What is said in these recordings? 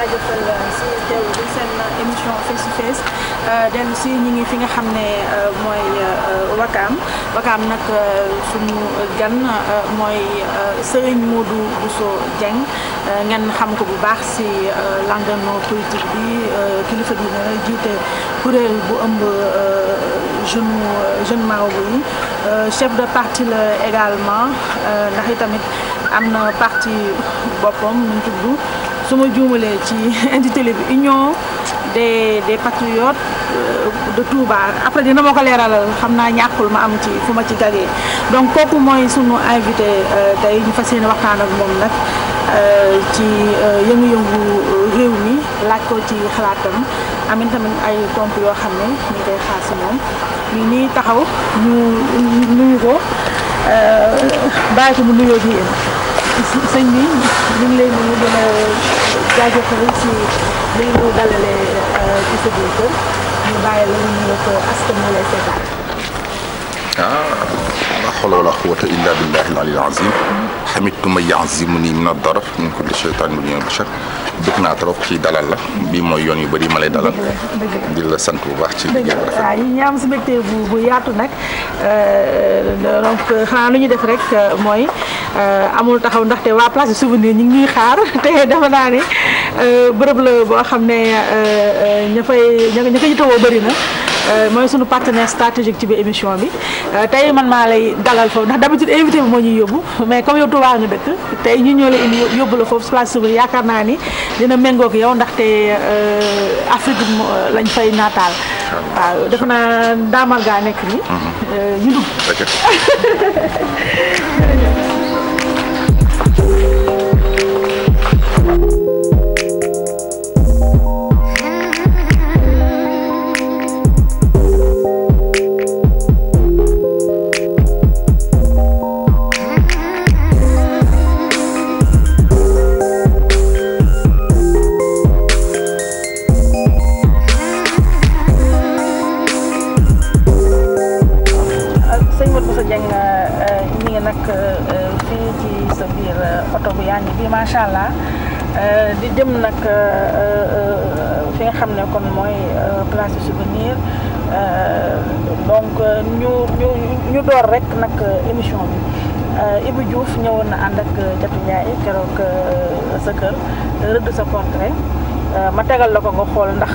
jaajëfal si teewlu seen émission face to face dellu si ñu ngi fi nga xam ne mooy Wakaam Wakaam nag suñu gan mooy Serigne Modou Bousso Dieng ngeen xam ko bu baax si langano politique bi kilifa dina jiite kuréel bu ëmb jeune jeune Maobo chef de parti la également ndax itamit am na parti boppam ñu tudd su ma juumalee ci intitulé bi union des des patriotes euh, de Touba après dina ma ko leeralal xam naa ñàkkul ma am ci fu ma ci gagee donc kooku mooy sunu invité euh, tey ñu fa yéene waxtaan ak moom nag euh, ci yëngu-yëngu réew mi laaj ko ci xalaatam amin tamit ay pomp yoo xam ne ñu koy xaar si moom ñu nii taxaw ñu nuyu ko bàyyi ko mu nuyoo ci yéen. sëñ bi ñu ngi leen ñu gën a jaajëfal ci li ñu dalalee euh, ci sa biir kër ñu bàyyi la ñu ko askan wi lay seetaan. Ah. xawla wala quwwata illa billahi al-ali al-azim xamitu ma yazimu nii min ad-darar min kulli shaytan wa min bashar bëgg naa trop ci dalal la bii mooy yoon yu bëri ma lay dalal di la sant bu baax ci liggéey bu rafet waaw ñu am si mbégte bu bu yaatu nag euh, donc xanaa lu ñu def rek euh, mooy euh, amul taxaw ndaxte waa place du souvenir ñu ngi ñuy xaar te dafa naa ne bërëb la boo xam ne ña fay ña ko jitawoo bëri na Euh, mooy suñu partenaire stratégique ci bi émission bi euh, tey man maa lay dalal foofu ndax d'habitude invité bi moo ñuy yóbbu mais comme yow Touba nga dëkk tey ñu ñoo la indi yóbbu la foofu place Souvenir yaakaar naa ni dina méngoog yow ndaxte euh, Afrique lañ fay naataal. waaw def naa daamar gaa nekk nii. Mhm. ñu dugg. macha allah euh, di jëm nag euh, euh, fi nga xam ne kon mooy place du souvenir donc ñu ñu ñu door rek nag émission bi Ibou Diouf ñëwoon na ànd ak Jatu Ndiaye keroog sa kër rëdd sa portrait ma tegal la ko nga xool ndax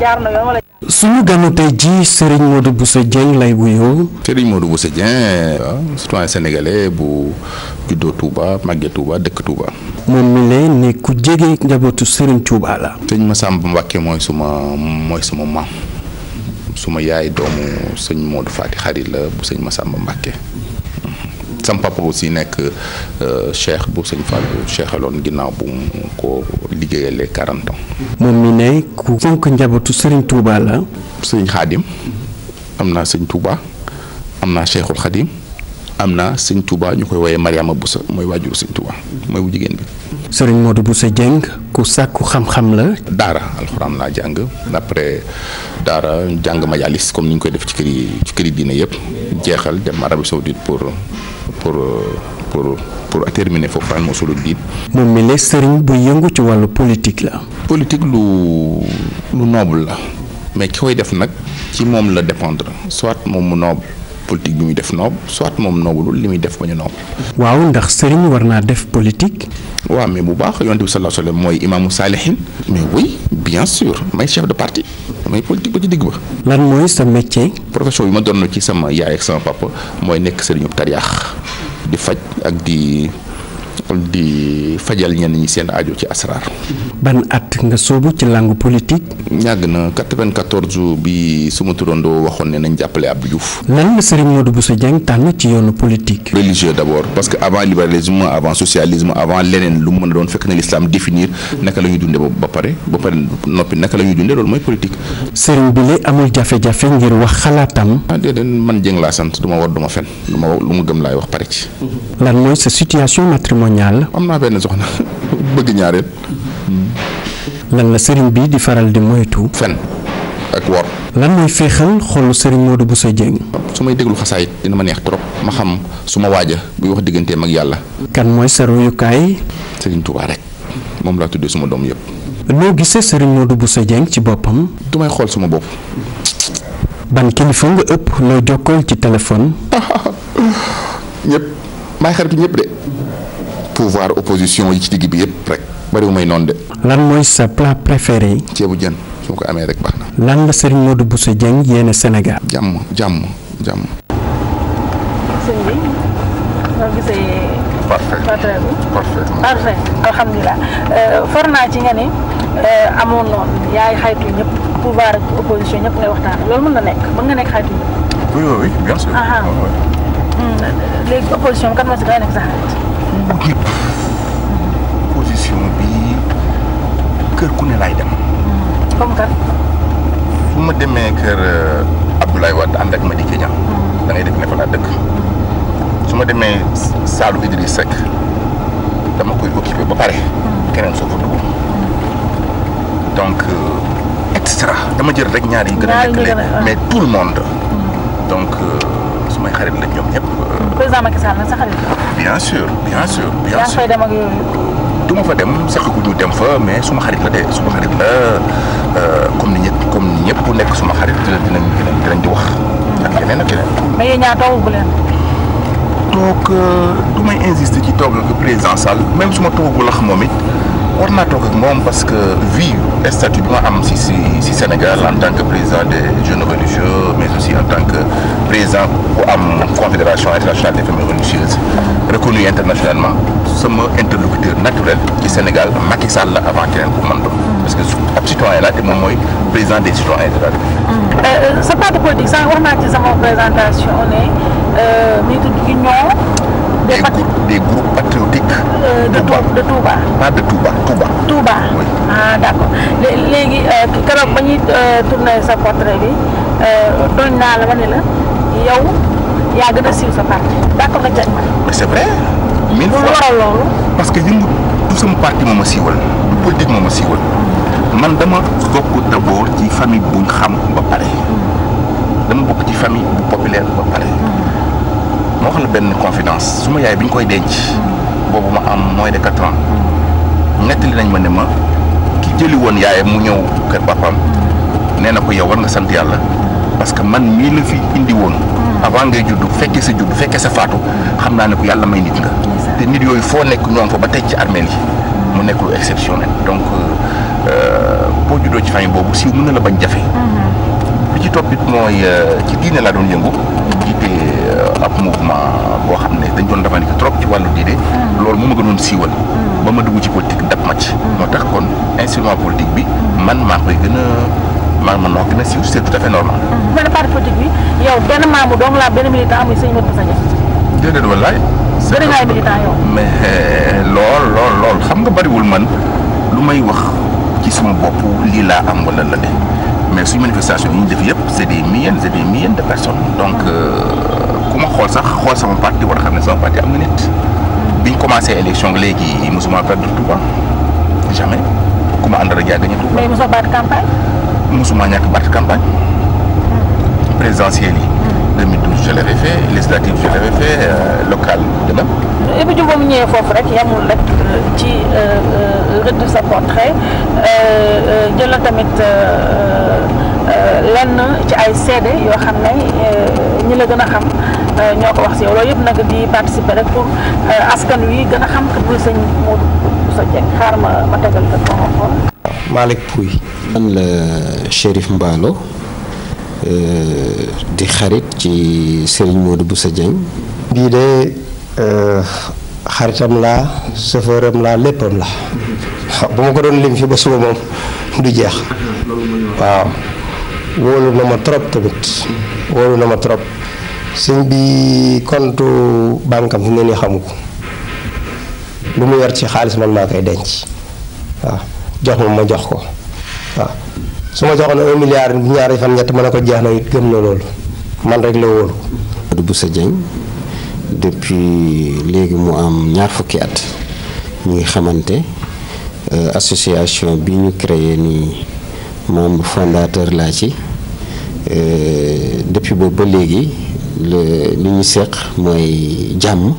jaar na yoon wala. suñu ganu tey jii Serigne Modou Bousso Dieng lay wuyoo. Serigne Modou Bousso Dieng. waaw ah, citoyen sénégalais bu juddoo Touba màggee Touba dëkk Touba. moom mi lay ne ku jege njabootu Serigne Touba la. sëñ Massamba Mbacké mooy suma mooy suma maam suma yaay doomu sëñ Modou Fati xarit la bu sëñ Massamba Mbacké. sam papa aussi nekk euh, cheikh bu sëñ Fallou cheikh ginnaaw bu mu ko liggéeyalee 40 ans. moom mi ne ku fonk njabootu sëriñ Touba la. sëñ Xaadim am naa sëñ Touba am naa cheikhul Xaadim am na sëñ Touba ñu koy woowee Mariama Boussa mooy waajur sëñ Touba mooy bu jigéen bi. Serigne Modou Bousso Dieng ku sàkku xam-xam la. Daara alxuraan laa jàng après Daara jàng majalis comme ni ñu koy def ci kër yi ci kër yi diine yëpp jeexal dem Arabie Saoudite pour pour pour pour aterminer foofu daal mosulu diit. moom mi la Serigne bu yëngu ci wàllu politique la. politique lu lu noble la. mais ki koy def nag ci moom la dépendre soit moom mu noble. politique bi muy def noob soit moom noobulul li muy def bañ a noob. waaw ndax sëriñ war naa def politique. waaw mais bu baax yonent bi sallallahu alayhi wa mooy imaamu saalihin mais oui bien sûr may chef de parti may politique ba ci digg ba. lan mooy sa métier. profession bi ma doon ci sama yaay ak sama papa mooy nekk sëriñu tariyaax di faj ak di. di fajal ñenn ñi seen aajo ci asraar. ban at nga soobu ci langue politique. ñàgg na bi suma turandoo waxoon ne nañ jàppale Abdou Diouf. lan la Serigne Modou Bousso Dieng tànn ci yoonu politique. religieux d' abord parce que avant libéralisme avant socialisme avant leneen lu mu mën a doon fekk na l'islam définir naka la ñuy dundee ba pare ba pare noppi naka la ñuy dundee loolu mooy politique. Serigne Bile amul jafe-jafe ngir wax xalaatam. ah déedéet man Dieng laa sant du ma war du ma fen lu ma g mu wax pare ñaar la. am naa benn soxna bëgg ñaareel. Hmm. lan la sëriñ bi di faral di moytu. fen ak wor. lan mooy féexal xolu sëriñ Modou Bousso Dieng. su may déglu xasaayit dina ma neex trop. ma xam su ma waaja buy wax digganteem ak yàlla. kan mooy sa royukaay. sëriñ Touba rek moom laa tuddee suma doom yëpp. noo gisee sëriñ Modou Bousso Dieng ci boppam. du may xool suma bopp. ban kilifa nga ëpp loo jokkool ci téléphone. ñëpp maay xaritu ñëpp de. pouvoir opposition yi ci digg bi yëpp rek bariwu may noonu de. lan mooy sa plat préféré. ceebu jën su ma ko amee rek baax na. lan la Serigne Modou Bousso Dieng yéene Sénégal. jàmm jàmm jàmm. alhamdulilah euh, for ci nga ni euh, amoon noonu yaay xaytu ñëpp pouvoir opposition ñëpp ngay waxtaan loolu mën na nekk mën nga nekk xaytu ñëpp. Hmm, léegi opposition kan moo si gën a nekk sa xarit. Bougui position bi kër ku ne laay dem. comme ma demee kër euh, Abdoulaye Wade ànd ak Madické Niang. Mm-hmm. da ngay def ne fa laa dëkk. Mm-hmm. su ma demee Saalu Idriss Seck dama koy occupé ba pare. Mm-hmm. keneen soo ko dugg. donc extra euh, dama jël rek ñaar yi gën a nekk mais tout le monde. donc. Euh, samay xarit lañ ñoom ñëpp. président Macky Sall nag bien sûr bien sûr. bien sûr du ma fa dem sax gu ñu dem fa mais suma xarit la de suma xarit la euh, comme ni ñëpp comme ni ñëpp nekk suma xarit dinañ dinañ dinañ di wax. ak yeneen ak yeneen. mais yéen ñaar toog bu leen. toog euh, du may insister ci toog ak président Sall même suma toogul lax moom it. war naa toog parce que vi statut bi am si si si Sénégal en tant que président des jeunes religieux mais aussi en tant que président bu am confédération internationale des familles religieuses reconnue internationalement sama interlocuteur naturel ci Sénégal Macky Sall la avant keneen ku man doon parce que ab citoyen la te moom mooy président des citoyens de la République. Mm. Euh, euh, sa parti politique sànq wax naa ci sama présentation ne mi ngi des, des, groupes, des groupes patriotiques. Euh, de, Touba. de Touba. Pas de Touba, ah, léegi euh, keroog ba ñuy euh, tourné sa portrait bi euh, doon naa la ma ne la yow yaa gën a siiw sa parti d'accord nga jël ma. mais c'est vrai. mille loolu. parce que yëngu du sama parti moo ma siiwal du politique moo ma siiwal man dama bokk d'abord ci famille buñ xam ba pare dama bokk ci famille bu populaire ba pare. moo xam ne benn confidence su ma yaay bi ñu koy denc boobu ma am moins de quatre ans nettali nañ ma ne ma ki jëli woon yaayam mu ñëw kër papaam nee na ko yow war nga sant yàlla parce que man mii la fi indi woon avant ngay juddu fekkee sa juddu fekkee sa faatu xam naa ne ko yàlla may nit nga te nit yooyu foo nekk ñoo fa ba tey ci armeel yi mu nekk lu exceptionnel donc euh, boo juddoo ci famille boobu siiw mën na la bañ jafe ci toppit mooy euh, ci diine laa doon yëngu jiite euh, ab mouvement boo xam ne dañ doon revendiquer trop ci wàllu diine hmm. loolu moo ma gënoon siiwal hmm. ba ma dugg ci politique dab ma ci hmm. moo tax kon instrument politique bi man maa koy gën a maa man maa gën a siiw c'est tout à fait normal benn parti politique bi yow benn laa benn militant amuy sëñ Modou euh, lool lool lool xam nga bariwul man lu may wax ci sama bopp lii laa am wala la de mais suñu manifestation yi ñu def yëpp c' est des milliers de personnes donc euh, ku ma xool sax xool sama parti war a xam ne sama parti am na bi biñ commencé élection léegi mosuma perdre Touba jamais ku ma àndal ak yaa gagné Touba. mais mosoo baat campagne. mosuma ñàkk baat campagne hmm. yi. 2012 je l'avais euh, mu ñëwee foofu rek yamul rek ci euh, euh, lenn ci ay seede yoo xam ne ñi la gën a xam ñoo ko wax si yow yëpp nag di participer rek pour askan wi gën a xam que ma ma tegal ko. Malick Pouy. man la Chérif Mballo. Euh, di xarit ci Serigne Modou Bousso Dieng. bii de euh, xaritam laa chauffeuram laa léppam la bu ma ko doon lim fi ba suba moom du jeex waaw wóolu na ma trop tamit wóolu na ma trop sëñ bi compte banque am fi ne nii xamu ko lu mu yor ci xaalis man maa koy denc waaw jox ma ma jox ko waaw. su ma joxoon un milliard ñaari fan ñett mën a ko jeex na it gëm na loolu man rek la wóolu. Abdou sa Dieng depuis léegi mu am ñaar fukki at ñu ngi xamante euh, association bi ñu créé ni membre fondateur laa ci euh, depuis boobu ba léegi li ñu seq mooy jàmm.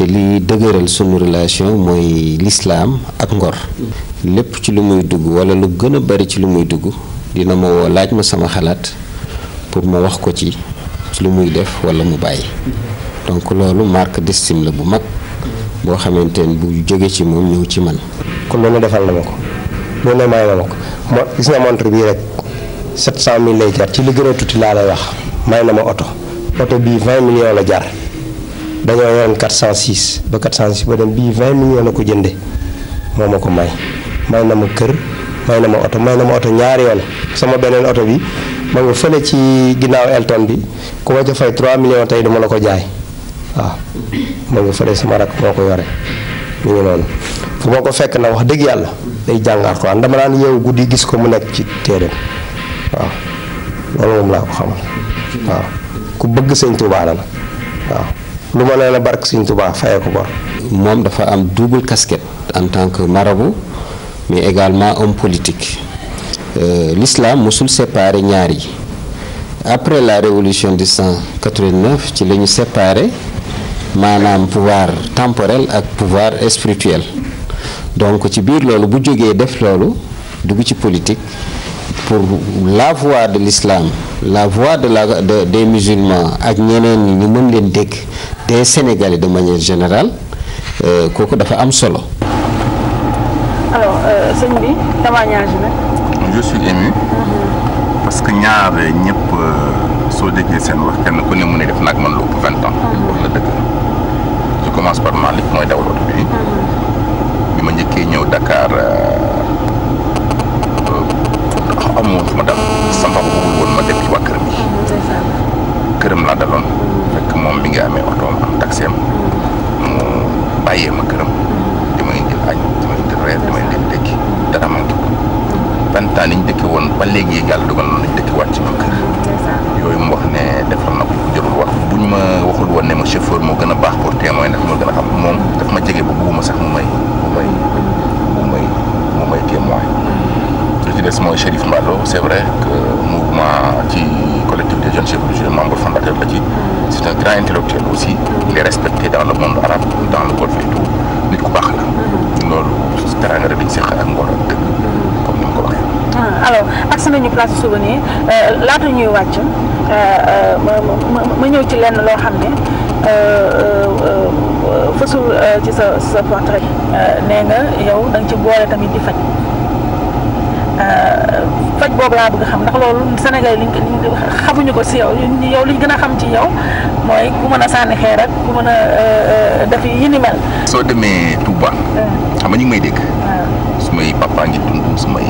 te li dëgëral sunu relation mooy lislaam ak ngor lépp ci lu muy dugg wala lu gën a bari ci lu muy dugg dina ma woo laaj ma sama xalaat pour ma wax ko ci lu muy def wala mu bàyyi donc loolu marque d'estime la bu mag boo xamante ne bu jóge ci moom ñëw ci man kon loolu defal na ma ko loolu ne may na ma ko moo gis nga montre bii rek sept cent mille lay jar ci li gën a tuuti laa lay wax may na ma oto oto bii vingt la jar dañoo yoroon 406 ba 406 ba dem bii 20 millions la ko jënde moo ma ko may may na ma kër may na ma oto may na ma oto ñaari yoon sama beneen oto bi ma nga fële ci ginnaaw Elton bi ku ma ca fay tey dama la ko jaay waaw ma nga fële sama rakk moo ko yore mu ngi noonu ko fekk na wax dëgg yàlla dañ jàngaar ko dama daan yeewu guddi gis ko mu nekk ci téeréem waaw loolu moom laa ko xamal waaw ku bëgg sëñ Tuubaa la waaw lu ma nee la barke Sëñ Tuubaa ko bor moom dafa am double casquette en tant que marabout mais également homme politique euh, l'islam mosul séparé ñaar yi après la révolution de 189 ci la ñu séparé maanaam pouvoir temporel ak pouvoir spirituel donc ci biir loolu bu jógee def loolu dugg ci politique pour la voix de l'islam la voix de la de des musulmans ak ñeneen ñu mën leen dégg des Sénégalais de manière générale euh, kooku dafa am solo. alors euh, sëñ bi témoignage bi. je suis ému. Mm-hmm. parce que ñaar ñëpp euh, soo déggee seen wax kenn ku ne mu ne def nag man lu ëpp vingt ans. wax mm-hmm. la dëgg mm-hmm. bi. ma njëkkee ñëw Dakar amoon fu dal sama papa bëggul woon ma dem ci këram laa daloon. moom li nga amee otoom am taxeem mu bàyyee ma këram di ma indil añ di ma indil reer dara manqué ko vingt ans niñ woon ba léegi yi yàlla dugal noonu lañ dëkke waat ci même kër yooyu mu wax ne defar na ko jotul wax buñ ma waxul woon ne ma chauffeur moo gën a baax pour témoin ndax moo gën a xam moom daf ma jege ba bugguma sax mu may mu may mu may mu des mooy Chérif Mballo c' est vrai que mouvement ci collectif des jeunes chefs religieux membre fondateur la ci. Mm. c' est un grand intellectuel aussi. il est dans le monde arabe dans le golfe et tout nit ku baax la. Mm-hmm. loolu teraanga rek dañ seq ak ngor ak dëgg mm-hmm. comme ni nga ko ah, euh, euh, euh, ma ma ma ñëw ci lenn loo xam ne. fësul ci sa portrait nee nga yow da ci boole tamit di faj. faj boobu laa bëgg xam ndax loolu Sénégal liñ xamuñu ko si yow yow liñ gën a xam ci yaw mooy ku mën a sànni xeer ak ku mën a euh, def yi ni mel. soo demee Touba. Hmm. xam nga may dégg. Hmm. su may papa su may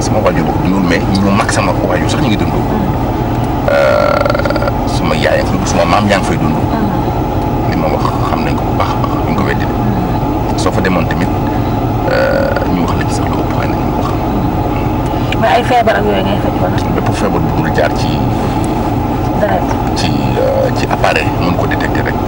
sama waajur dundul mais ñu mag sama waajur sax ñu ngi dund. Hmm. Euh, su ma yaay ak su ma maam yaa ngi fay dund. li ma wax xam nañ ko bu baax a baax duñ ko weddile. soo fa demoon tamit. Euh, mais ay feebar ak yooyu ngay faj kon. bépp feebar bu dul jaar ci. ci euh, ci appareil mën ko détecté rek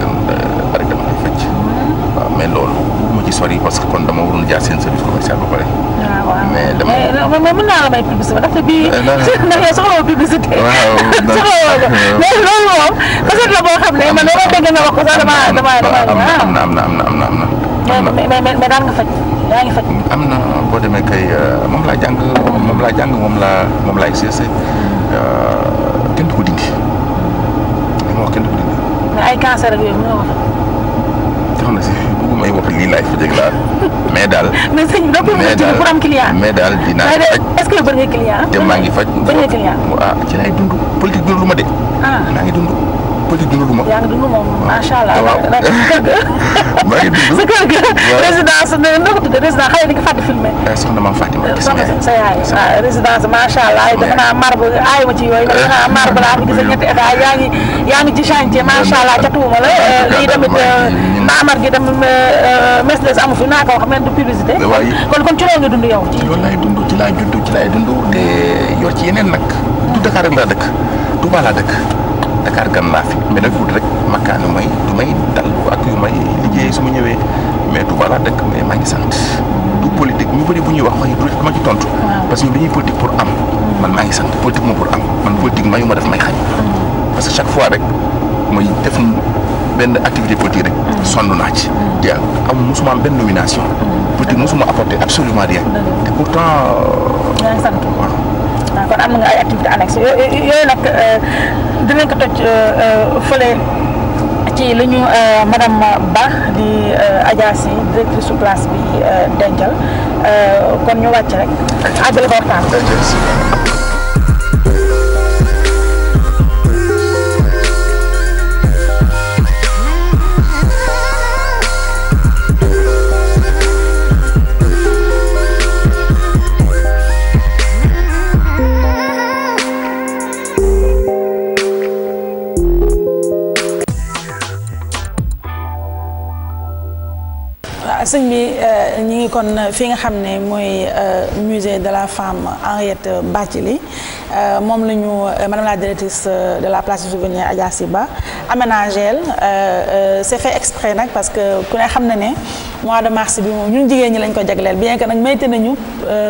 rek dama koy faj. Mm-hmm. waaw mais loolu ma ci sori parce que kon dama waroon jaar seen service commercial ba pare. Ah, mais dama mais mais mën naa la may publicité ba ndaxte bii. Euh, ndax yow soxla woo publicité. waaw soxla woo ko mais loolu moom. peut-être la boo xam ne man looloo dégg nga wax ko sax dama dama dama. am na am na am na am na am na. mais mais mais daan nga faj. am na boo demee kay euh, moom laa jàng moom laa jàng moom laa moom laa exercé euh, kenn du ko dindi li ma wax kenn du ko dindi. mais ay cancer ak yooyu mënoo na si bëgguma ay wax lii laay fa jëg mais daal. mais mais daal dinaa faj te maa ngi faj. bëri ah ci laay dund politique dund lu ma de. Ah. maa ngi dund. petit dundu ma. yaa ngi dund moom macha allah. Ah, maa sa kër ga. résidence na nga ko tuddee résidence xale ni nga fàtte filmé. Eh, soxna maam Fatima sa ah, ma ci yooyu eh. laa fi gis ñetti état yaa ngi yaa ngi ci chantier macha allah eh. jatuwuma la lii tamit maamar gi tamit Mercedes amu fi naa ko wax même du publicité. kon kon ci loolu nga dund yow. ci loolu laay dund ci laay judd ci laay dund te yor ci yeneen nag. du Dakar rek laa dëkk Touba laa dëkk. Dakar gan naa fi mais nag wut may du may dal ak yu may liggéey su ma ñëwee mais Touba laa dëkk mais maa ngi sant du politique ñu bëri bu ñuy wax ma dama ci tontu. parce que ñun dañuy politique maa ngi sant politique moom pour am man politique ma def may xañ. Mm. parce que chaque fois rek mooy def benn activité politique rek. Mm. sonn naa ci. te mm. am musuma am benn nomination. politique musuma apporter absolument rien. te pourtant. yaa ngi sant waaw. kon nga ay activités annexes yooyu nag. Euh, dinañ ko toj euh, euh, fële ci li ñu euh, madame Ba di Adja Sy directrice su place bi dencal kon ñu wàcc rek àggale ko sëñ bi euh, ñi ngi kon fi nga xam ne mooy euh, musée de la femme Henriette Bathily euh, moom la ñu madame la directrice de la place du souvenir Adja Siba aménageel c'est fait exprès nag parce que ku ne xam na ne mois de mars bi moom ñun jigéen ñi lañ ko jagleel bien que nag mayte nañu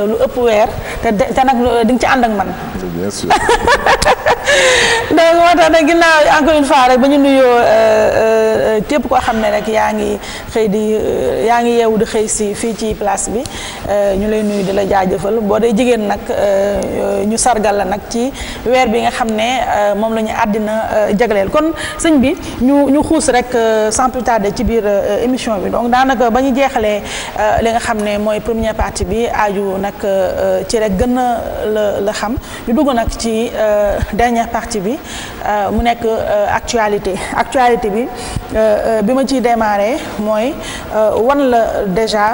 lu ëpp weer te te nag di ci ànd ak man. donc moo tax nag ginnaaw fois rek ba ñu nuyoo euh, euh, euh, képp koo xam ne rek yaa ngi xëy di yaa ngi yeewu di xëy si fii ci place bi ñu lay nuyu di la jaajëfal boo dee jigéen nag ñu sargal la nag ci weer bi nga xam ne moom la ñu àddina jagleel kon sëñ bi ñu ñu xuus rek sans plus tarder ci biir émission bi donc daanaka ba ñu jeexalee li nga xam ne mooy première partie bi aaju nag ci rek gën a la xam ñu dugg nag ci dernière première bi euh, mu nekk euh, actualité actualité bi euh, bi ma ci démarré mooy wan la déjà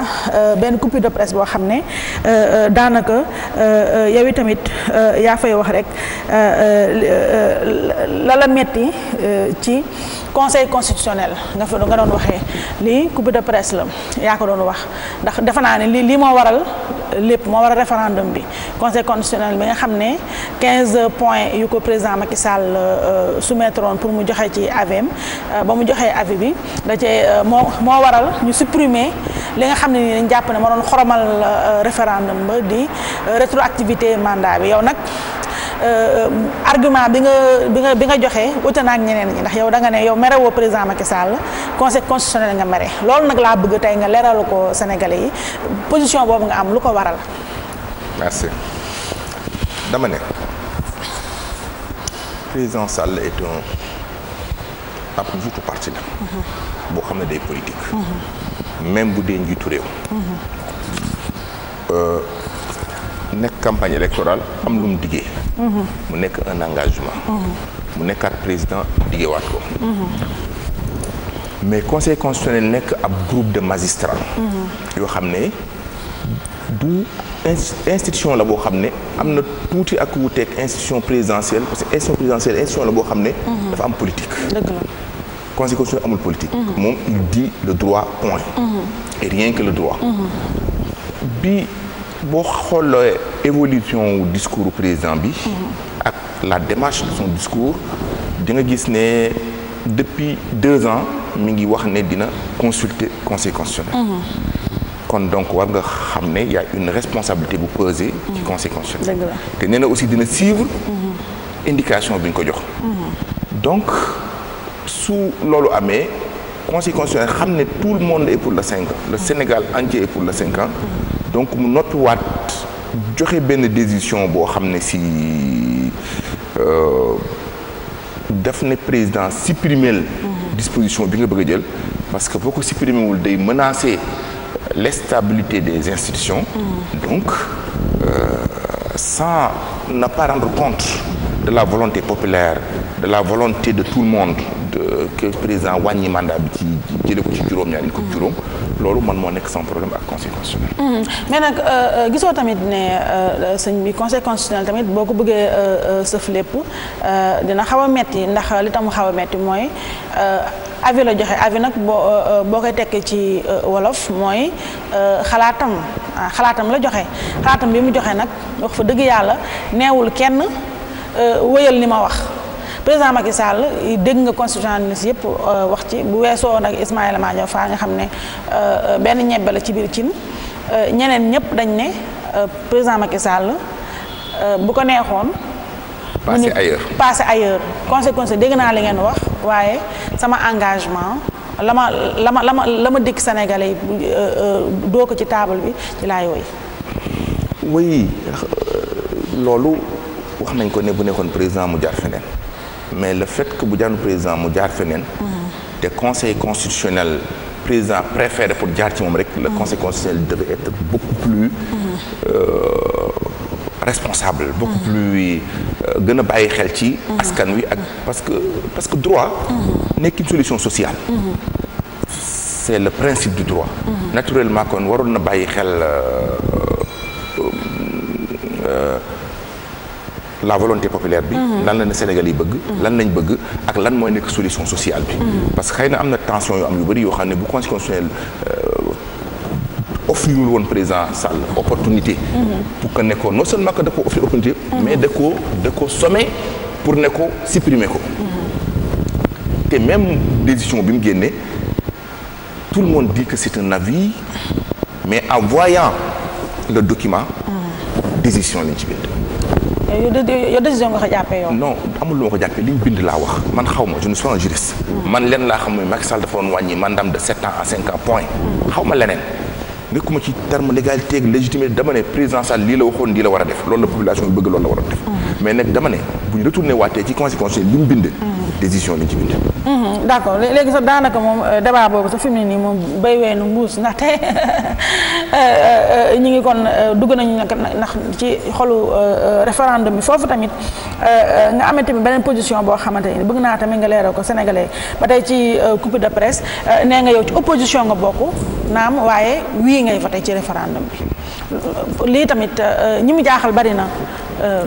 benn copie de presse boo xam ne daanaka yow itamit yaa fay wax rek la la metti ci conseil constitutionnel nga fa nga doon waxee lii copie de presse la yaa ko doon wax ndax defe naa ne lii lii moo waral lépp moo waral référendum bi conseil constitutionnel bi nga xam ne 15 yu ko président Macky Sall euh, euh, saal woon pour mu joxe ci avis euh, ba mu joxee avis bi da cee moo moo waral ñu supprimer li nga xam ne ni dañ jàpp ne ma doon xoromal référendum ba di rétroactivité mandat bi yow nag argument bi nga bi nga bi nga joxe wute na ñeneen ñi ndax yow da nga ne yow merewoo président Macky Sall conseil constitutionnel nga mere loolu nag laa bëgg tey nga leeralu ko Sénégalais yi position boobu nga am lu ko waral. dama ne. président Sall est un ab njiitu parti la. boo xam ne day politique. même bu dee njiitu réew. Euh, nekk campagne électorale am lu mu diggee. mu nekk un engagement. mu nekkaat président diggewaat ko. mais conseil constitutionnel nekk ab groupe de magistrats. yoo xam ne du. institution la boo xam ne am na tuuti ak wuuteeg institution présidentielle parce que institution présidentielle institution la boo xam ne. Mhm. dafa am politique. dëgg conseil constitutionnel amul politique. Mhm. moom il dit le droit point. Mhm. et rien que le droit. bi boo xoolee évolution wu discours président bi. ak la démarche de son discours di nga gis ne depuis deux ans mu ngi wax ne dina consulter conseil constitutionnel. kon donc war nga xam ne y une responsabilité bu pesée ci conseil constitutionnel te nee na aussi dina suivre indication bi ñu ko jox donc su loolu amee conseil constitutionnel xam ne tout le monde est pour le cinq ans le Sénégal entier est pour le cinq donc mu noppiwaat joxe benn décision boo xam ne si euh, daf ne président supprimer disposition bi nga bëgg a jël parce que boo ko supprimer wul day menacer l'instabilité des institutions. Mmh. Donc, euh, sans pas rendre compte de la volonté populaire, de la volonté de tout le monde que président wàññi mandat bi ci jëlee ko ci juróom ñaari ko mm. juróom loolu man moo nekk sans problème ak conseil constitutionnel. Mm. mais nag euh, euh, gisoo tamit ne euh, sëñ bi conseil constitutionnel tamit boo ko bëggee sëf lépp dina xaw a metti ndax li tax mu xaw a metti mooy. avis la joxe avis nag boo euh, euh, boo koy tekkee ci euh, wolof mooy xalaatam ah, xalaatam la joxe xalaatam bi mu joxe nag wax fa dëgg yàlla neewul kenn wëyal ni ma wax président Macky Sall dégg nga constitutionnaliste yëpp wax ci bu weesoo nag Ismaïla Madior Fall nga xam ne benn ñebbe la ci biir cin ñeneen ñëpp dañ ne président Macky Sall bu ko neexoon passer ailleurs passer ailleurs dégg naa la ngeen wax waaye sama engagement la ma la ma la la ma dikk sénégalais yi euh, euh, doo ko ci taabal bi ci laay woy oui euh, loolu wax nañ ko ne bu nekkoon président mu jaar feneen mais le fait que bu jaarul président mu jaar feneen mm-hmm. te conseil constitutionnel président préféré pour jaar ci moom rek la mm-hmm. conseil constitutionnel devait être beaucoup plus mm-hmm. responsable beaucoup plus euh, gën a bàyyi xel ci askan wi ak parce que parce que droit nekk une solution sociale c'est le principe du droit naturellement kon waroon na bàyyi xel euh, euh, la volonté populaire bi lan la ne Sénégal yi bëgg lan lañ bëgg ak lan mooy nekk solution sociale bi parce que xëy na am na tension yu am yu bëri yoo xam ne bu conseil offriwul woon président Sall opportunité pour que ne ko non seulement que da ko offrir opportunité mais da ko da ko sommé pour ne ko supprimer ko te même décision bi mu génnee tout le monde di que c'est un avis mais en voyant le document décision lañ ci bind yow décision nga ko jàppee yow. non amul lu ma ko jàppee li ñu bind laa wax man xaw ma je ne suis man lenn laa xam ne Macky Sall dafa doon wàññi mandatam de sept ans à cinq ans point. xaw ma leneen. nekkuma ci terme légalité ak dama ne président Sall lii la waxoon lii la war a def loolu la population bi bëgg loolu la war a def mm. mais nag dama ne bu ñu retourné waatee ci conséquence li mu bind mm. décision liñ ci bind mm. d' accord léegi sax daanaka moom euh, débat boobu sax fi mu ne nii moom béy weenu mbuus ndaxte euh, euh, ñu ngi kon dugg nañu nag ndax ci xolu référendum bi foofu tamit nga amee tamit beneen position boo xamante ni bëgg naa tamit nga leeral ko sénégalais ba tey ci coupe de presse nee nga yow ci opposition nga bokk naam waaye wii ngay tey ci référendum bi lii tamit ñi mu jaaxal bari na.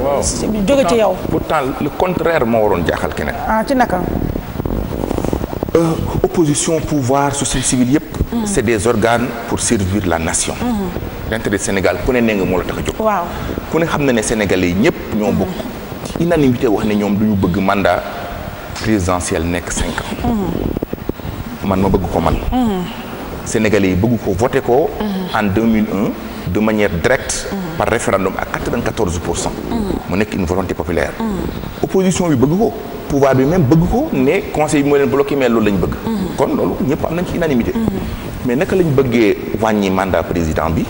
waaw jóge ci yow. pourtant le contraire moo waroon jaaxal keneen. ah ci naka. Euh, opposition pouvoir société civile yëpp. c' est des organes pour servir la nation. l' intérêt Sénégal ku ne nee nga moo la tax a jóg. ku ne xam na ne sénégalais yi ñëpp ñoo bokk. ci unanimité wax ne ñoom du ñu bëgg mandat présidentiel nekk cinq ans. man ma bëgg ko man. sénégalais yi bëgg ko voté ko. en 2001 de manière directe. par référendum à 94 pour mu nekk une volonté populaire. opposition bi bëgg ko pouvoir bi même bëgg ko ne conseil bi moo leen bloqué mais loolu lañ bëgg mhm. kon loolu ñëpp am nañ ci unanimité mhm. mais naka lañ bëggee wàññi mandat président bi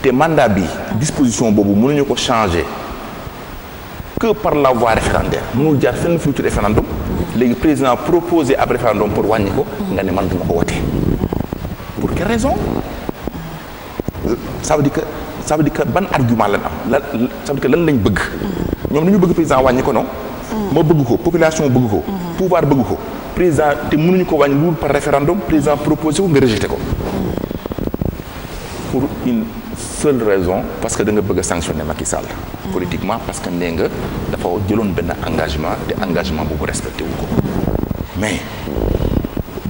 te mandat bi disposition boobu mënuñu ko changer que par la voie référendaire mënul jaar fenn fi ci référendum mhm. léegi président proposé ab référendum pour wàññi ko nga ne man duma ko wote pour quelle raison euh, ça dire que ça dire que ban argument lañ am lan ça dire lan lañ bëgg ñoom ñu bëgg président wàññi ko non. ma mm. bëgg ko population bëgg ko. Mm-hmm. pouvoir bëgg ko président te mënuñu ko wàññi loolu par référendum président proposé ko nga rejeté ko. Mm-hmm. pour une seule raison parce que da nga bëgg a sanctionner Macky Sall. Mm-hmm. politiquement parce que nee nga dafa jëloon benn engagement engagement boobu respecté wu ko mais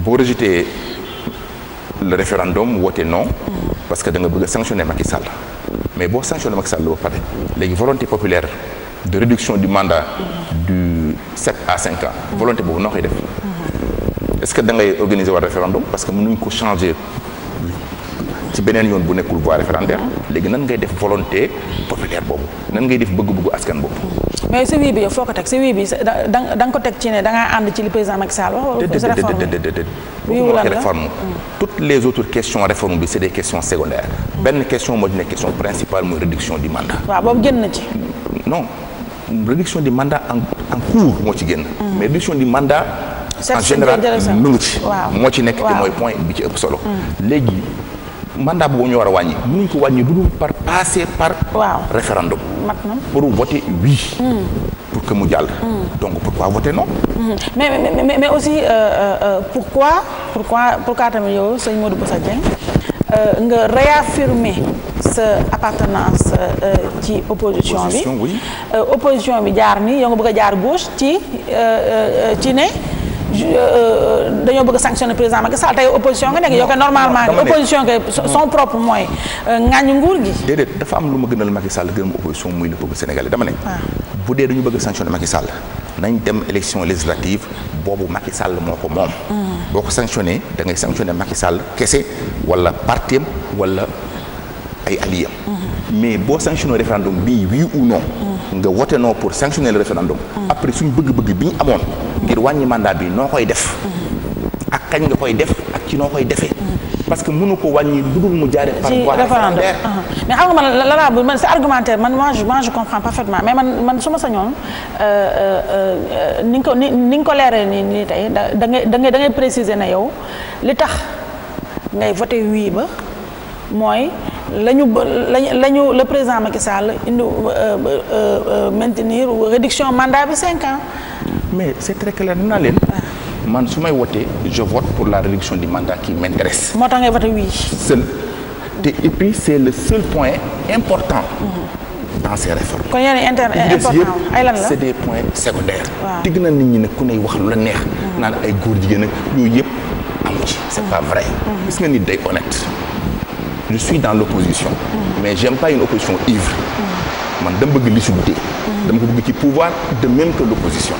boo rejeté le référendum woote non. parce que da nga bëgg a Sall. mais boo sanctionner Macky Sall ba pare léegi volonté populaire. de réduction du mandat du 7 à 5 ans volonté boobu noo koy def est-ce que da ngay organiser waa référendum parce que mënuñ ko changer ci beneen yoon bu nekkul voie référendaire léegi nan ngay def volonté populaire boobu nan ngay def bëgg-bëggu askan boobu. mais sa wii bi yow foo ko teg sa wii bi da nga ko teg ci ne da ànd ci li président Macky Sall wax. wala réforme hmm. toutes les autres questions bi c'est des questions secondaires. Hmm. benn question moo ci nekk question principale mooy réduction du mandat. waaw boobu na ci. non. réduction du mandat en en cours moo ci génn. Ah. mais réduction du mandat. en général mu ngi ci. moo ci nekk te mooy point bi ci ëpp solo. Mm. léegi mandat boobu ñu war a wàññi. mënuñ ko wàññi du par passer par. référendum. pour voter oui. Mm. pour que mu jàll. Mm. donc pourquoi voter non. mais mais mais aussi euh, euh, euh, pourquoi pourquoi pourquoi tamit yow sëñ Modou Boussa Dieng nga réaffirmer. sa appartenance euh, ci opposition bi opposition euh, bi jaar ni yow nga bëgg a jaar gauche ci euh, ci ne dañoo bëgg a sanctionner président Macky Sall tey opposition nga nekk yow ko normalement opposition kay son propre mooy ŋàññu nguur gi dafa am lu ma gënal Macky Sall gënam opposition muy le peuple sénégalais dama ne ah. bu dee dañu bëgg a sanctionner Macky Sall nañ dem élection législative boobu makki Sall moo ko moom mm. boo ko sanctionné da ngay sanctionné Macky Sall kese wala parti am ay alliés mais boo sanctionné référendum bii oui ou non. nga wote noo pour sanctionner le référendum. après suñ bëgg-bëgg bi ñu amoon. ngir wàññi mandat bi noo koy def. ak kañ nga koy def ak ci noo koy defee. parce que mënu ko wàññi ludul mu jaaree. par voie référendaire mais xam nga man la laa man sa argumentaire man man man su ma sañoon euh, euh, ni nga ko ni ni nga ko leeree nii nii tey da da ngay da ngay na yow li tax ngay vote oui ba mooy. la ñu la ñu le président Macky Sall indi euh, euh, euh, maintenir réduction mandat bi cinq ans. mais c'est très clair nee naa leen. man su may wotee je vote pour la réduction di mandat qui m'intéresse. moo tax ngay voté oui. seul te et puis c'est le seul point important. Mm-hmm. dans ces réformes. kon yéen important ay lan la c'est des points secondaires. waaw na nit ñi nag ku ne wax lu la neex. Mm-hmm. naan ay góor jigéen ak yooyu yëpp amu ci. c'est mm-hmm. pas vrai. gis nga nit day honnête. je suis dans l'opposition mais j'aime pas une opposition ivre man dama bëgg lucidité dama ko bëgg ci pouvoir de même que l'opposition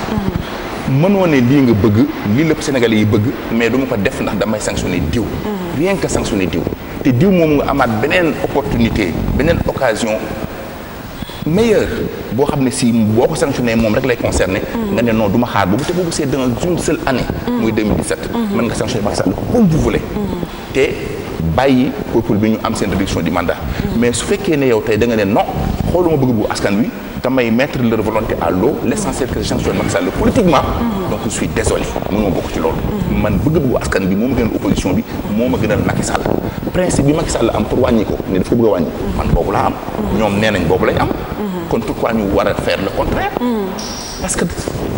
mënoo ne lii nga bëgg lii lépp sénégalais yi bëgg mais duma ma ko def ndax damay sanctionner diw rien que sanctionner diw te diw moom nga amaat beneen opportunité beneen occasion meilleur boo xam ne si boo ko sanctionné moom rek lay concerné nga ne non du ma xaar boobu te boobu c'est dans une seule année muy 2017 bàyyi peuple bi ñu am seen réduction du mandat. Mm. mais su fekkee ne yow tey da ne non xooluma bëgg bu askan wi damay mettre leur volonté à l'eau l'essentiel que change Macky Sall politiquement. Mm. donc je désolé mënuma bokk ci loolu. Mm. man bëgg bëggu askan bi moo ma gënal opposition bi moo ma gënal Macky principe bi Macky Sall am pour wàññi ne dafa bëgg a wàññi. man boobu laa am. ñoom nee boobu lañ am. Mm-hmm. kon pourquoi ñu war a faire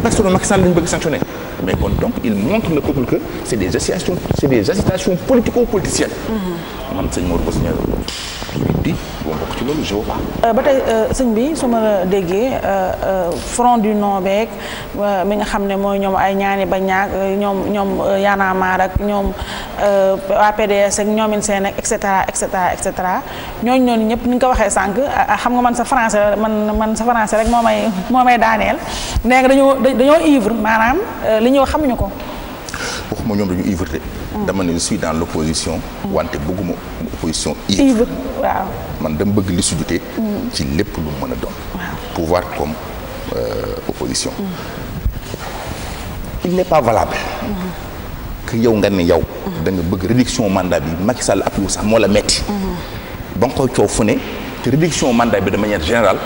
parce que Macky Sall lañu bëgg sanctionner mais kon donc il montre le peuple que c'est des agitations politico-politiciennes. Mm-hmm. di euh, ba tey euh, sëñ bi su ma déggee euh, front du non beeg mi nga xam ne mooy ñoom ay ñaani ba ñaak ñoom ñoom Y'en a ak ñoom waa PDS ak ñoomin seen ak et cetera et cetera et cetera ñooñu ñooñu ñëpp ni nga ko waxee a ah, ah, xam nga man sa français man man sa français rek moo may moo may daaneel nee nga dañoo ivre maanaam li ñuy xamuñu ko. waxuma ñoom dañu ivre de dama ne je suis dans l' wante bëgguma opposition ivre man dama bëgg li ci lépp lu mën a doon pouvoir comme euh, opposition mm. il n' pas valable mm-hmm. que yow nga ne yow danga bëgg réduction mandat bi Macky Sall appui sax moo la metti mm-hmm. ba nga koy coow ne te réduction mandat bi de manière générale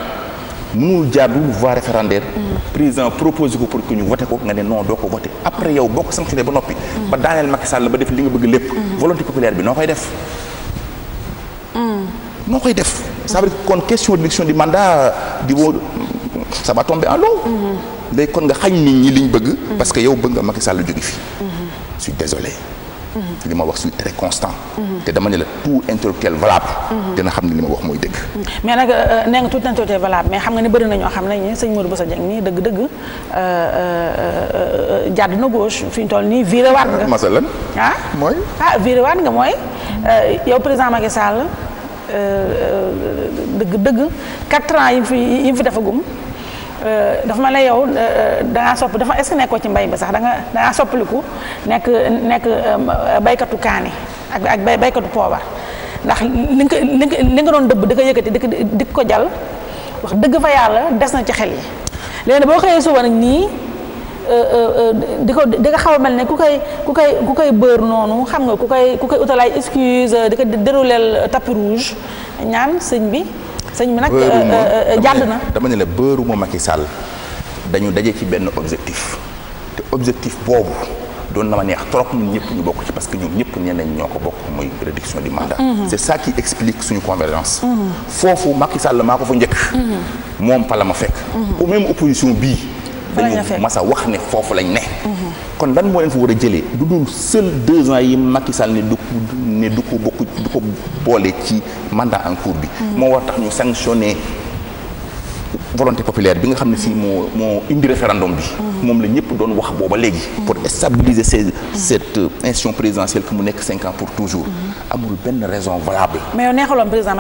mënul jaadu voie référendaire mm. président proposé ko pour que ñu voté ko nga ne non doo ko voté après yow boo ko sanctionné ba noppi ba daaneel Macky Sall ba def li nga bëgg lépp mm-hmm. volonté populaire bi noo koy def mm. noo koy def sa veut dire kon question d'élection du mandat di boo ça va tomber en l'eau mm-hmm. léegi kon nga xañ nit ñi liñ bëgg mm-hmm. parce que yow bëgg nga Macky Sall jóge fii je suis li ma wax suñu très constant. te dama ne la tout intellectuel valable. dina xam ne li ma wax mooy dëgg. mais nag euh, euh, nee nga tout intellectuel valable mais xam nga ne bëri na ñoo xam ne sëñ Modou Bousso Dieng nii dëgg-dëgg euh, jàdd na fi ñu toll nii viré waat nga. masalan ah mooy. ah viré waat nga mooy yow président Macky Sall dëgg-dëgg quatre ans yi fi yi fi defagum. Euh, dafa ma ne yow euh, euh, da ngaa sopp dafa est-ce nekkoo ci mbay mi sax danga nga da ngaa soppaliku nekk nekk baykatu kaani ak ak baykatu poobar ndax li nga li nga doon dëbb di ko yëkkati di ko di ko jal wax dëgg fa yàlla des na ci xel yi léegi boo xëyee suba nag nii di ko di nga xaw a mel ne ku koy ku koy ku koy bër noonu xam nga ku koy ku koy utal ay excuse di ko dérouleel tapis rouge ñaan sëñ bi sëñ bi nag euh, euh, euh, jàdd na dama ne la bëru ma Macky Sall dañu daje ci benn objectif te objectif boobu doon na ma neex trop ñun ñëpp ñu bokk ci parce que ñoom ñëpp ñeneen ñoo ko bokk muy réduction du mandat. Mhm. c'est ça qui explique suñu convergence. Mhm. foofu Macky Sall maa ko fa njëkk. Mhm. moom fa ma fekk. ou même opposition bii. dañu mas a wax ne foofu lañ ne kon lan moo leen fa war a jëlee du dul seul deux ans yi Macky Sall ne du ne du ko bokk du ci mandat en cours bi mm. moo war tax ñu sanctionné volonté populaire bi nga xam ne si mm. moo moo indi référendum bi mm. moom la ñëpp doon wax booba léegi pour stabiliser ces cette euh, institution présidentielle que mu nekk cinq ans pour toujours amul benn raison valable mais yow neexaloon président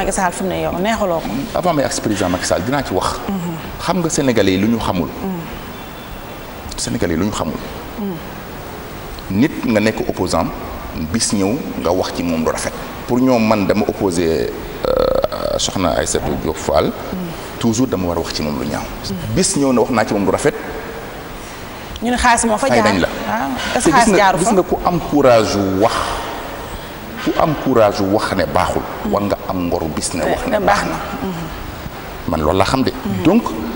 Macky dinaa ci wax mm-hmm. xam nga sénégalais yi lu ñu xamul Sénégalais yi lu ñu xamul. nit nga nekk opposant bis ñëw nga wax ci moom lu rafet. pour ñoom man dama opposé euh, soxna Aïssatou Diop Fall. toujours dama war a wax ci moom lu ñaaw. bis ñëw na wax naa ci moom lu rafet. ñu ne xaalis moo fa jaar dañ la ah, te gis nga gis nga ku am courage wax ku am courage wax ne baaxul. Mm. war nga am ngoru bis ne eh, wax ne baax na. Mm-hmm. man loolu laa xam de mm-hmm.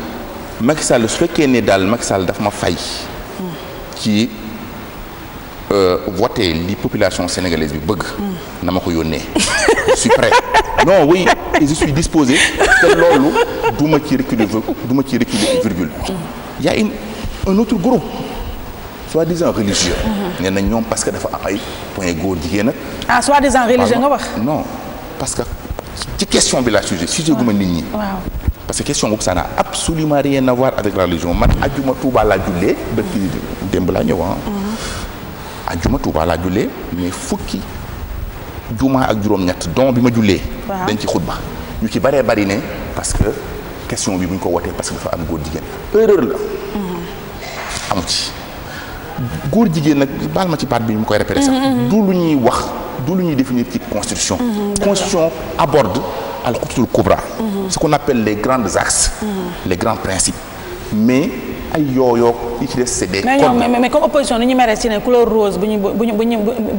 Macky Sall su fekkee ne daal Macky Sall daf ma fay. ci euh, voté li population sénégalaise bi bëgg. na ma ko yónnee. je suis prêt non oui te loolu du ma ci reculer du ma ci reculer virgule. y a une un autre groupe. soi-disant religieux. Mhm. nee ñoom parce que dafa am ay point góor jigéen ak. ah soi-disant religieux nga wax. non parce que ci question bi laa sujet sujet gu nit ñi. parce que question boobu ça n'a absolument rien à voir avec la religion man ajuma Touba laa démb laa ñëw ah. Mm-hmm. ajuma Touba jullee mais fukki juma ak juróom-ñett don bi ma jullee. dañ ci xutba ñu ci baree bari ne parce que question bi bu ñu ko wootee parce que dafa am góor jigéen erreur la. Mm-hmm. amu ci góor jigéen nag baal ma ci baat bi ñu koy répété sax. Mm-hmm. du lu ñuy wax du lu ñuy définir ci constitution. constitution aborde. al xuttul kubra ce qu'on appelle les grands axes les grands principes mais ay yooyoog yi ci des c'est des mais mais comme opposition ni ñu meree si ne couleur rose bu ñu bu ñu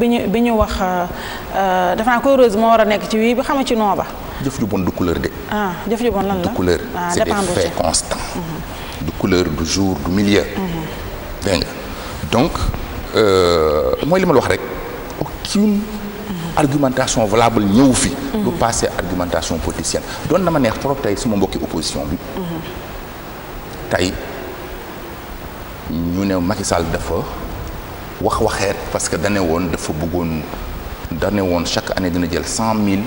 bu ñu bu ñu wax euh, dafa couleur rose moo war a nekk ci wii bi xam ci noo ba jëf ju bon du couleur de ah jëf ju bon lan la du couleur ah, c'est des faits constants mhm. du couleur du jour du milieu mhm. donc euh, mooy li la wax rek argumentation valable ñëw fii lu passé argumentation politicienne doon na ma neex trop tey ma mbokki opposition bi tey ñu ne Macky dafa wax waxeet parce que dane woon dafa bëggoon dane woon chaque année dina jël cent mille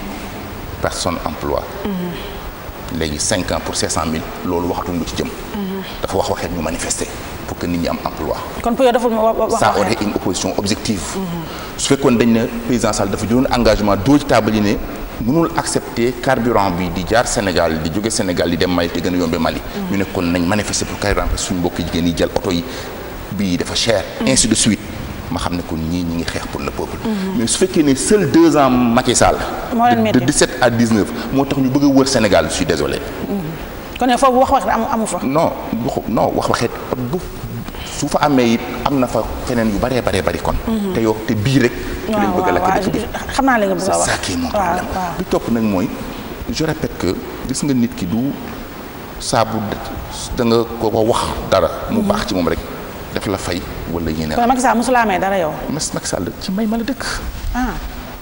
personnes emploi mm-hmm. léegi cinq pour cinq cent mille loolu waxatuñ lu ci jëm mm-hmm. dafa wax waxeet ñu manifester pour que nit ñi am emploi. kon pour yow dafa wax ça aurait une opposition objective. Mm-hmm. su fekkoon dañ ne président Sall dafa jëloon engagement doo ci taabal yi ne mënul accepter carburant bi di jaar Sénégal di jóge Sénégal di dem Mali te gën a yombe Mali. Mm-hmm. ñu nekkoon nañ manifester pour carburant suñu mbokk jigéen yi jël oto yi bii dafa cher. Mm-hmm. ainsi de suite. ma xam ne kon ñii ñi ngi xeex pour le peuple. mais su fekkee ne seuls deux ans Macky Sall. moo leen metti de 17 à moo tax ñu bëgg a wër Sénégal je suis désolé. kon yow foofu wax wax amu amu fa. non non wax waxet bu su fa amee it am na fa feneen yu bëree bëree bari kon. Mhm. te yow te bii rek. ci lañ bëgg a xam naa la nga bëgg a wax c'est mon problème bi topp nag mooy je répète que gis nga nit ki du saabu da nga ko wax dara. mu mhm. baax ci moom rek. daf la fay wala yeneen. kon Macky Sall mosul amee dara yow. mas Macky Sall ci may ma la dëkk. Ah.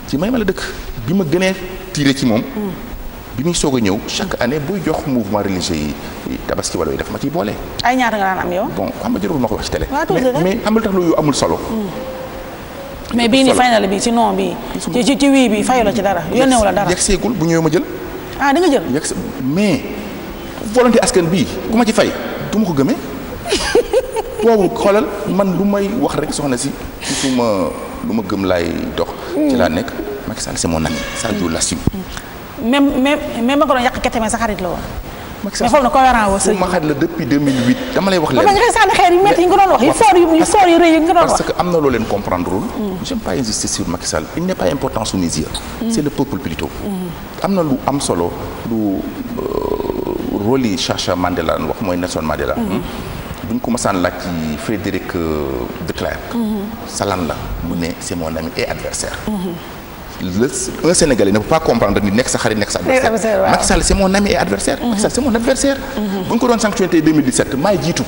ci may ma la dëkk bi ma gënee tiire ci moom. Mhm. bi muy soo a ñëw chaque année buy jox mouvement religieux yi tabaski wala yi daf ma ciy boole. ay ñaata nga daan am yow. bon xam nga jarul ko wax ci télé. mais xam amul solo. Hmm. mais bii nii fay na la bii ci non bii. ci ci wii bi fayu la ci dara yónneewu la dara. yegseegul bu ñëwee ma jël. ah di nga jël. yegse mais volonté askan bii ku ma ci fay du ma ko gëmee boobu xoolal man lu may wax rek soxna si ci suma lu ma gëm laay dox. ci laa hmm. nekk Macky Sall c'est mon ami. ça je l'assume. Hmm. même même même ma ko doon yàq sa xarit la woon. mais ma xarit la depuis 2008 dama lay wax leen. nga sànni xeer yu métti yi nga doon wax yu fort yu fort rëy yi nga doon wax. parce que am na loo leen comprendre lul. j'aime pas insister sur Macky Sall il n'est pas important sous mes c'est le peuple plutôt. am na lu am solo lu euh, rôle yi Chacha Mandela wax mooy Nelson Mandela. bu ñu ko masaan laaj ci Frédéric euh, de Klerk. Salan la mu ne c'est mon ami et adversaire. le Sénégalais ne peut pas comprendre ni nekk sa xarit nekk sa adversaire Macky Sall c'est mon ami adversaire mm-hmm. Macky Sall c'est mon adversaire mm-hmm. bu ñu ko doon sanctionné tey 2017 maay jiitu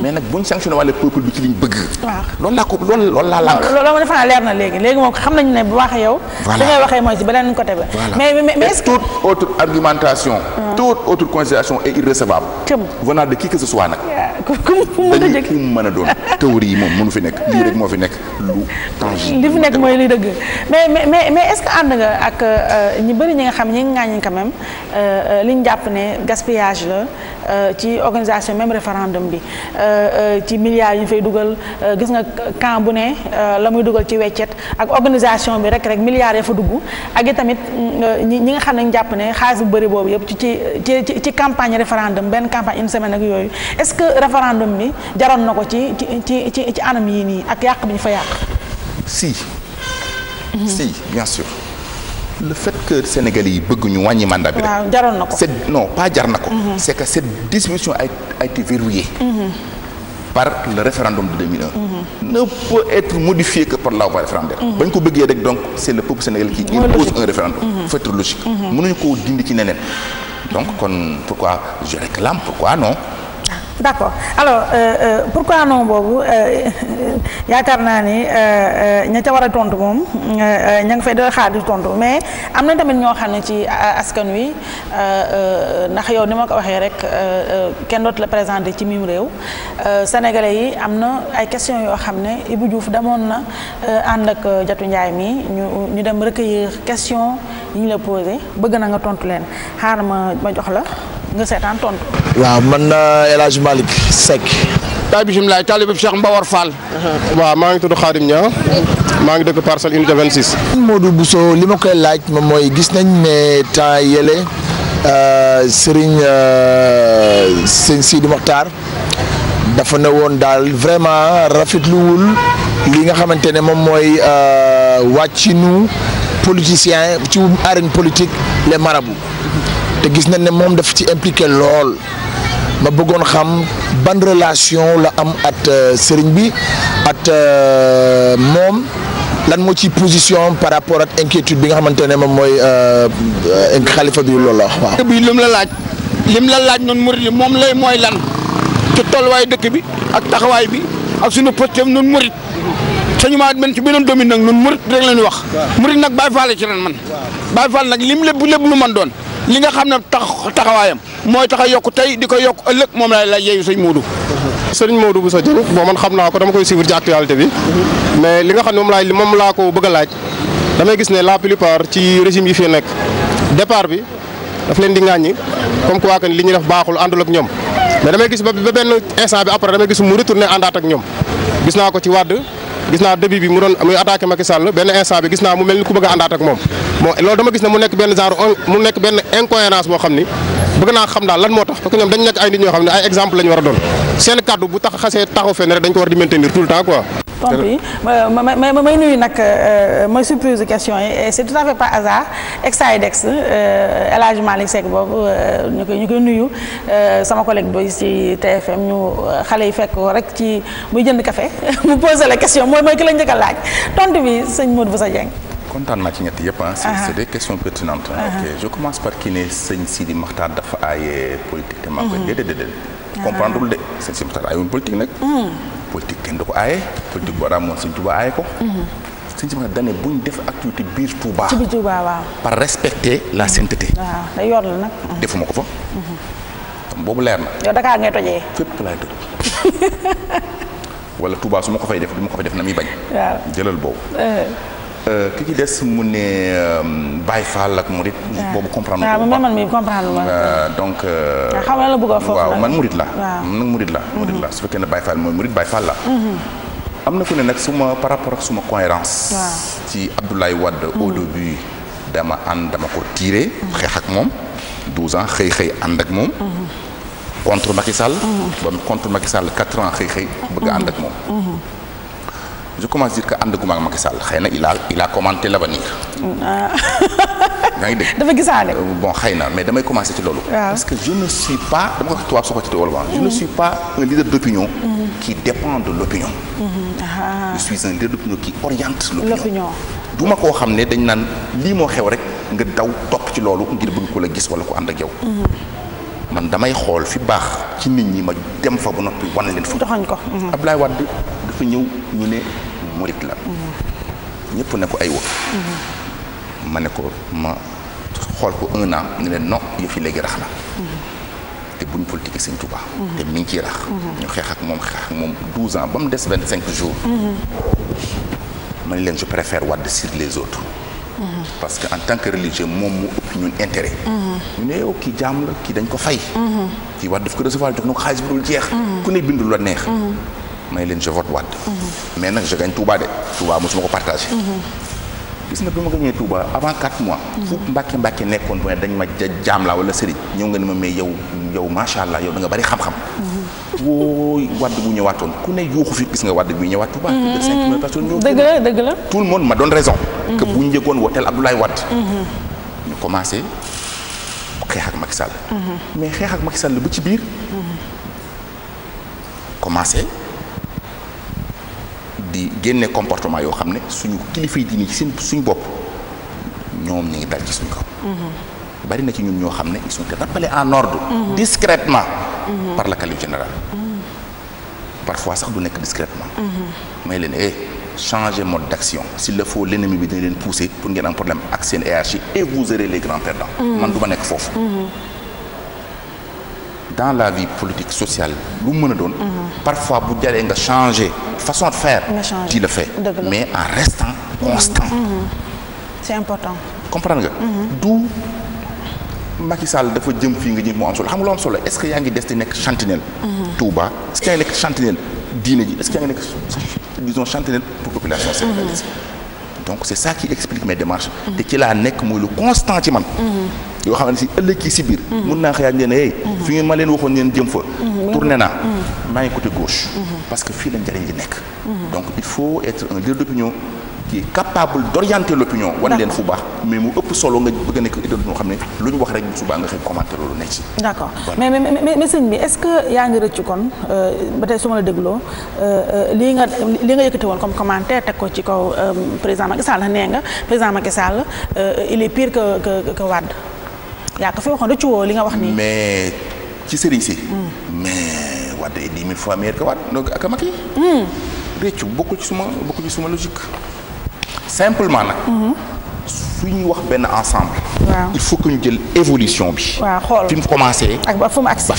mais nag buñ sanctionné wàllu peuple bi ci liñ bëgg. waaw loolu laa ko loolu loolu laa lànk. loolu defe naa leer na léegi léegi moom xam nañu ne bu waxee yow. voilà li ngay waxee mooy si beneen côté ba. mais mais mais est-ce que. toute autre argumentation. Ah. toute autre considération est irrecevable. venant de qui que ce soit nag. Ah, ku ku mu mën a doon théorie yi moom mënu fi nekk lii rek moo fi nekk lu li fi nekk mooy li dëgg mais mais mais est-ce que ànd nga ak euh, ñi bëri ñi nga xam ñi nga ñi quand même euh, euh, li ñu jàpp ne gaspillage ci organisation même référendum bi Euh, euh, ci milliards yi ñu fay dugal euh, gis nga camp bu ne la muy dugal ci weccet ak organisation bi rek rek milliards ya fa dugg ak i tamit ñi ñi nga xam ne jàpp ne xaalis bu bëri boobu yëpp ci ci ci ci campagne référendum benn campagne une semaine ak yooyu est-ce que référendum bi jaroon na ko ci ci ci ci anam yi nii ak yàq bi ñu fa yàq. si. si bien sûr. le fait que Sénégalais yi bëgg ñu wàññi mandat bi. waaw jaroon na ko c'est non pas jar na ko. Mm-hmm. c'est que cette disposition a a été verrouillée. Mm-hmm. par le référendum de 2001. Mm-hmm. ne peut être modifié que par la voie référendaire. bañ ko bëggee rek donc c'est le peuple sénégalais qui impose un référendum. faut être logique. mënuñu koo dindi ci neneen. donc kon pourquoi je réclame pourquoi non. d' accord alors euh, euh, pourquoi non boobu euh, euh, yaakaar naa ni euh, ña ca war a tontu moom ña ngi fay doon xaar tontu mais am na tamit ñoo xam ne ci askan wi ndax yow ni ma ko waxee rek kenn dootu la présenté ci mim réew sénégalais yi am na ay questions yoo xam ne Ibou Diouf demoon na ànd ak Jatu Njaay mi ñu ñu dem recueillir question yi ñu la posé bëgg na nga tontu leen xaar ma ma jox la. nga seetaan tontu. waaw man euh, El Hadj Malick Seck. tay bisimilah taalibe Cheikh Mbawar Fall. waaw maa ngi tudd Khadim Niang. maa ngi dëkk parcelle unité 26. Modou Bousso li ma koy laaj moom mooy gis nañ ne temps yële euh, Serigne euh, sëñ Sidi Mokhtar dafa ne woon daal vraiment rafetluwul li nga xamante ne moom mooy wàccinu politicien ci arène politique les marabouts. te gis nañ ne moom daf ci impliqué lool ma bëggoon xam ban relation la am at euh, sëriñ bi at euh, moom lan moo ci position par rapport ak inquiétude bi nga xamante ne moom mooy xalifa euh, bi loolu la wax waaw. bi lim la laaj lim la laaj noonu murit moom lay mooy lan ci tolluwaay dëkk bi ak taxawaay bi ak sunu posté noonu murit sañu maa men ci beneen domaine nag noonu murit rek la ñu wax. murit nag Baay Faal la ci ren man. Baay Faal nag lim lépp lépp lu man doon. li nga xam ne tax taxawaayam mooy tax a yokk tey di ko yokk ëllëg moom laay lay yeeyu sëñ Modou. sëriñ Modou Bousso Dieng bon man xam naa ko dama koy suivre ci actualité bi mais li nga xam ne moom laay moom laa ko bëgg laaj damay gis ne la plupart ci régime yi fii nekk départ bi daf leen di ŋàññi comme quoi que li ñuy def baaxul àndul ak ñoom mais damay gis ba benn instant bi après damay gis mu retourné àndaat ak ñoom gis naa ko ci wàdd gis n début bi mu doon muy attaqué Macky mu mel ni ku bëgg a àndaat bon loolu dama gis ne mu nekk benn genre mu nekk benn incohérence boo xam ni bëgg naa xam daal lan moo tax parce que ñoom dañ nekk ay nit ñoo xam ne ay exemple la war a doon seen kàddu bu tax xasee taxaw fenn rek dañ ko war di maintenir tout nuyu nag euh, may surprise question yi c'est tout à sama collègue bi ci TFM ñu euh, xale yi fekk rek ci muy jënd kafe mu posé la question mooy mooy ki la njëkk a laaj tontu bi sëñ Modou Boussa Dieng. kontaan naa ci ñett yëpp ah. c'est des questions pertinentes. ok je commence par kii ne sëñ Sidi Maxtaar dafa aaye politique te maa mhm. de sëñ Sidi Maxtaar aayewul politique nag. Mhm. politique kenn du ko aaye. politique boo daan moom sëñ ko. Mhm. sëñ Sidi Maxtaar dañ ne buñ def activité biir Touba. ci biir Touba waaw. par la sainteté. waaw day defuma ko fa. boobu leer na. yow Dakar ngay tojee. fépp ko fay def du ko def na muy bañ. jëlal boobu. Eh. Euh, ki ci des mu ne euh, Baye Fall ak Murit. Ah. boobu comprendre waaw ah, man man mii comprendre ma. Euh, donc. Ah, xam nga la bëgg a foofu waaw man Murit la. Murit mhm. la. su fekkee ne Baye Fall mooy Murit Baye Fall la. Mhm. am na ku ne nag suma par rapport ak suma cohérence ci Abdoulaye Wade. au mhm. début dama ànd dama ko tiire. xeex ak moom 12 ans xëy xëy ànd ak moom. contre Macky Sall. ba contre Macky Sall 4 ans xëy xëy bëgg ànd ak moom. je commence dire que ànd gu ma ak Macky Sall xëy na il a il a commenté l'avenir. Ah. yaa ngi dégg dafa gisaale. Euh, bon xëy na mais damay commencé ci loolu. parce que je ne suis pas dama ko wax tubaab soo ko ci tubaab je ne mm-hmm. xam ne dañ naan lii moo xew rek nga daw topp ci loolu ngir bëgg ko la gis wala ko ànd ak yow. Mm-hmm. man damay xool fi baax ci nit ñi ma dem fa ba noppi wan leen fa. doxañ ko mm-hmm. Abdoulaye Wade. dafa ñëw ñu ne murit la ñëpp ne ko ay wa ma ne ko ma xool ko un an ñu ne non yu fi léegi rax na te buñ politique sëñ Tuubaa te mi ngi rax ñu xeex ak moom xeex ak moom douze ans ba mu des vingt cinq jours ma ne leen je préfère Wade la kii dañ ko fay kii Wade daf ko recevoir jox na ko xaalis bu dul jeex ku ne bindul la neex may leen je vote Wade. mais nag je gagne Touba de Touba mosuma ko partagé. gis nga bi ma gañee Touba avant quatre mois. fu Mbàkke Mbàkke nekkoon bu ma ja jaam laa wala sëriñ ñëw nga ni ma mais yow yow macha allah yow da nga bari xam-xam. wooy Wade mhm. la dëgg la tout ma doon raison. Mhm. que bu ñu njëkkoon wooteel Abdoulaye Wade. Mhm. ñu commencé xeex ak mais xeex ak Macky ci biir. commencé. di génne comportement yoo xam ne suñu kilifa yi diine ci seen suñu bopp ñoom ñu ngi dal ci suñu kaw. Mm-hmm. bari na ci ñun ñoo xam ne ils sont rappelés en ordre. Mm-hmm. discrètement. Mm-hmm. par le calife général. parfois sax du nekk discrètement. may leen eh changer mode d'action s'il le faut l'ennemi bi dina leen pousser pour ngeen am problème ak seen hiérarchie et les grands perdants. man du nekk foofu. dans la vie politique sociale lu mën a doon. Mhm. parfois bu jaree nga changer façon de faire. tu le fais mais en restant mhm. constant. Mhm. c'est important. comprendre nga. du Macky Sall dafa jëm fii nga jëm moo am solo xam nga loo am solo est-ce que yaa ngi des di nekk sentinelle. Touba est-ce que yaa ngi nekk sentinelle diine ji est-ce que yaa ngi nekk disons pour population sénégalaise. donc c'est ça qui explique mes démarches. te ci laa nekk mooy lu constant ci man. yoo xam ne si ëllëg ci si biir. mun naa xëyaat ngeen ne fi ngeen ma leen waxoon ngeen jëm fa. Mm-hmm. tourné naa. Mm-hmm. maa ngi côté gauche. Mm-hmm. parce que fii la njëriñ li nekk. donc il faut être un nga ba ma la dégloo euh, euh, lii nga lii nga yëkkati woon comme commentaire teg ko ci kaw euh, président Macky Sall nee nga président Macky Sall il est pire que que que yaa ko fi waxoon rëccu woo li nga wax nii. mais ci sëriñ si. Mm. mais Wade est dix mille fois meilleur que Wade donc ak Macky. Mm. rëccu bokkul ci suma bokkul ci suma logique. simplement nag. Mm-hmm. su ñuy wax benn ensemble. waaw il faut que ñu jël évolution bi. waaw xool fi mu ba fi mu agsi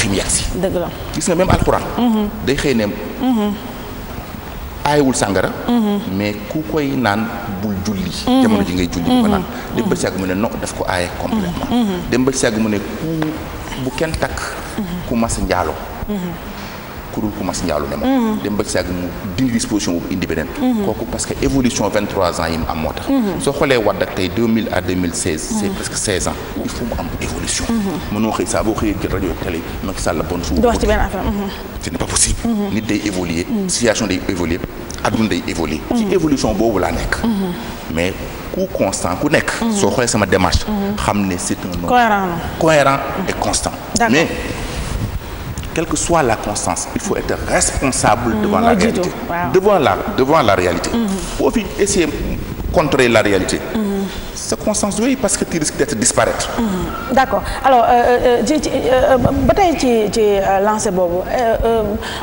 dëgg la gis nga même alxuraan. Mm-hmm. day xëy ne. Mm-hmm. aayewul sàngara mhm. mais ku koy naan bul julli mhm. jamono ji ngay julli bu ko naan mhm. dem ba si yàgg mu ne non daf ko aaye complètement dem ba si yàgg mu ne ku bu kenn takk ku mas njaalo kurul ku mas njaalu ne moom dem ba ci sàgg mu dindi disposition boobu kooku parce que évolution 23 ans yi mu am moo tax soo xoolee wadd ak tey 2000 presque 16 ans il faut mu am évolution mënoo xëy saa xëyee jël rajo ak télé la bonne suuf mhm. ce n'est pas ci évolution boobu mais ku constant ku nekk soo xoolee sama démarche xam ne c'est un homme cohérent et constant mais quelle que soit la constance il faut être responsable mm, devant la réalité devant la devant la réalité mm-hmm. fi essayer contrer la réalité mm-hmm. se concentré parce que tu risques d'être disparaître. Mmh. d' accord euh, euh, euh, ba tey ci ci lancé boobu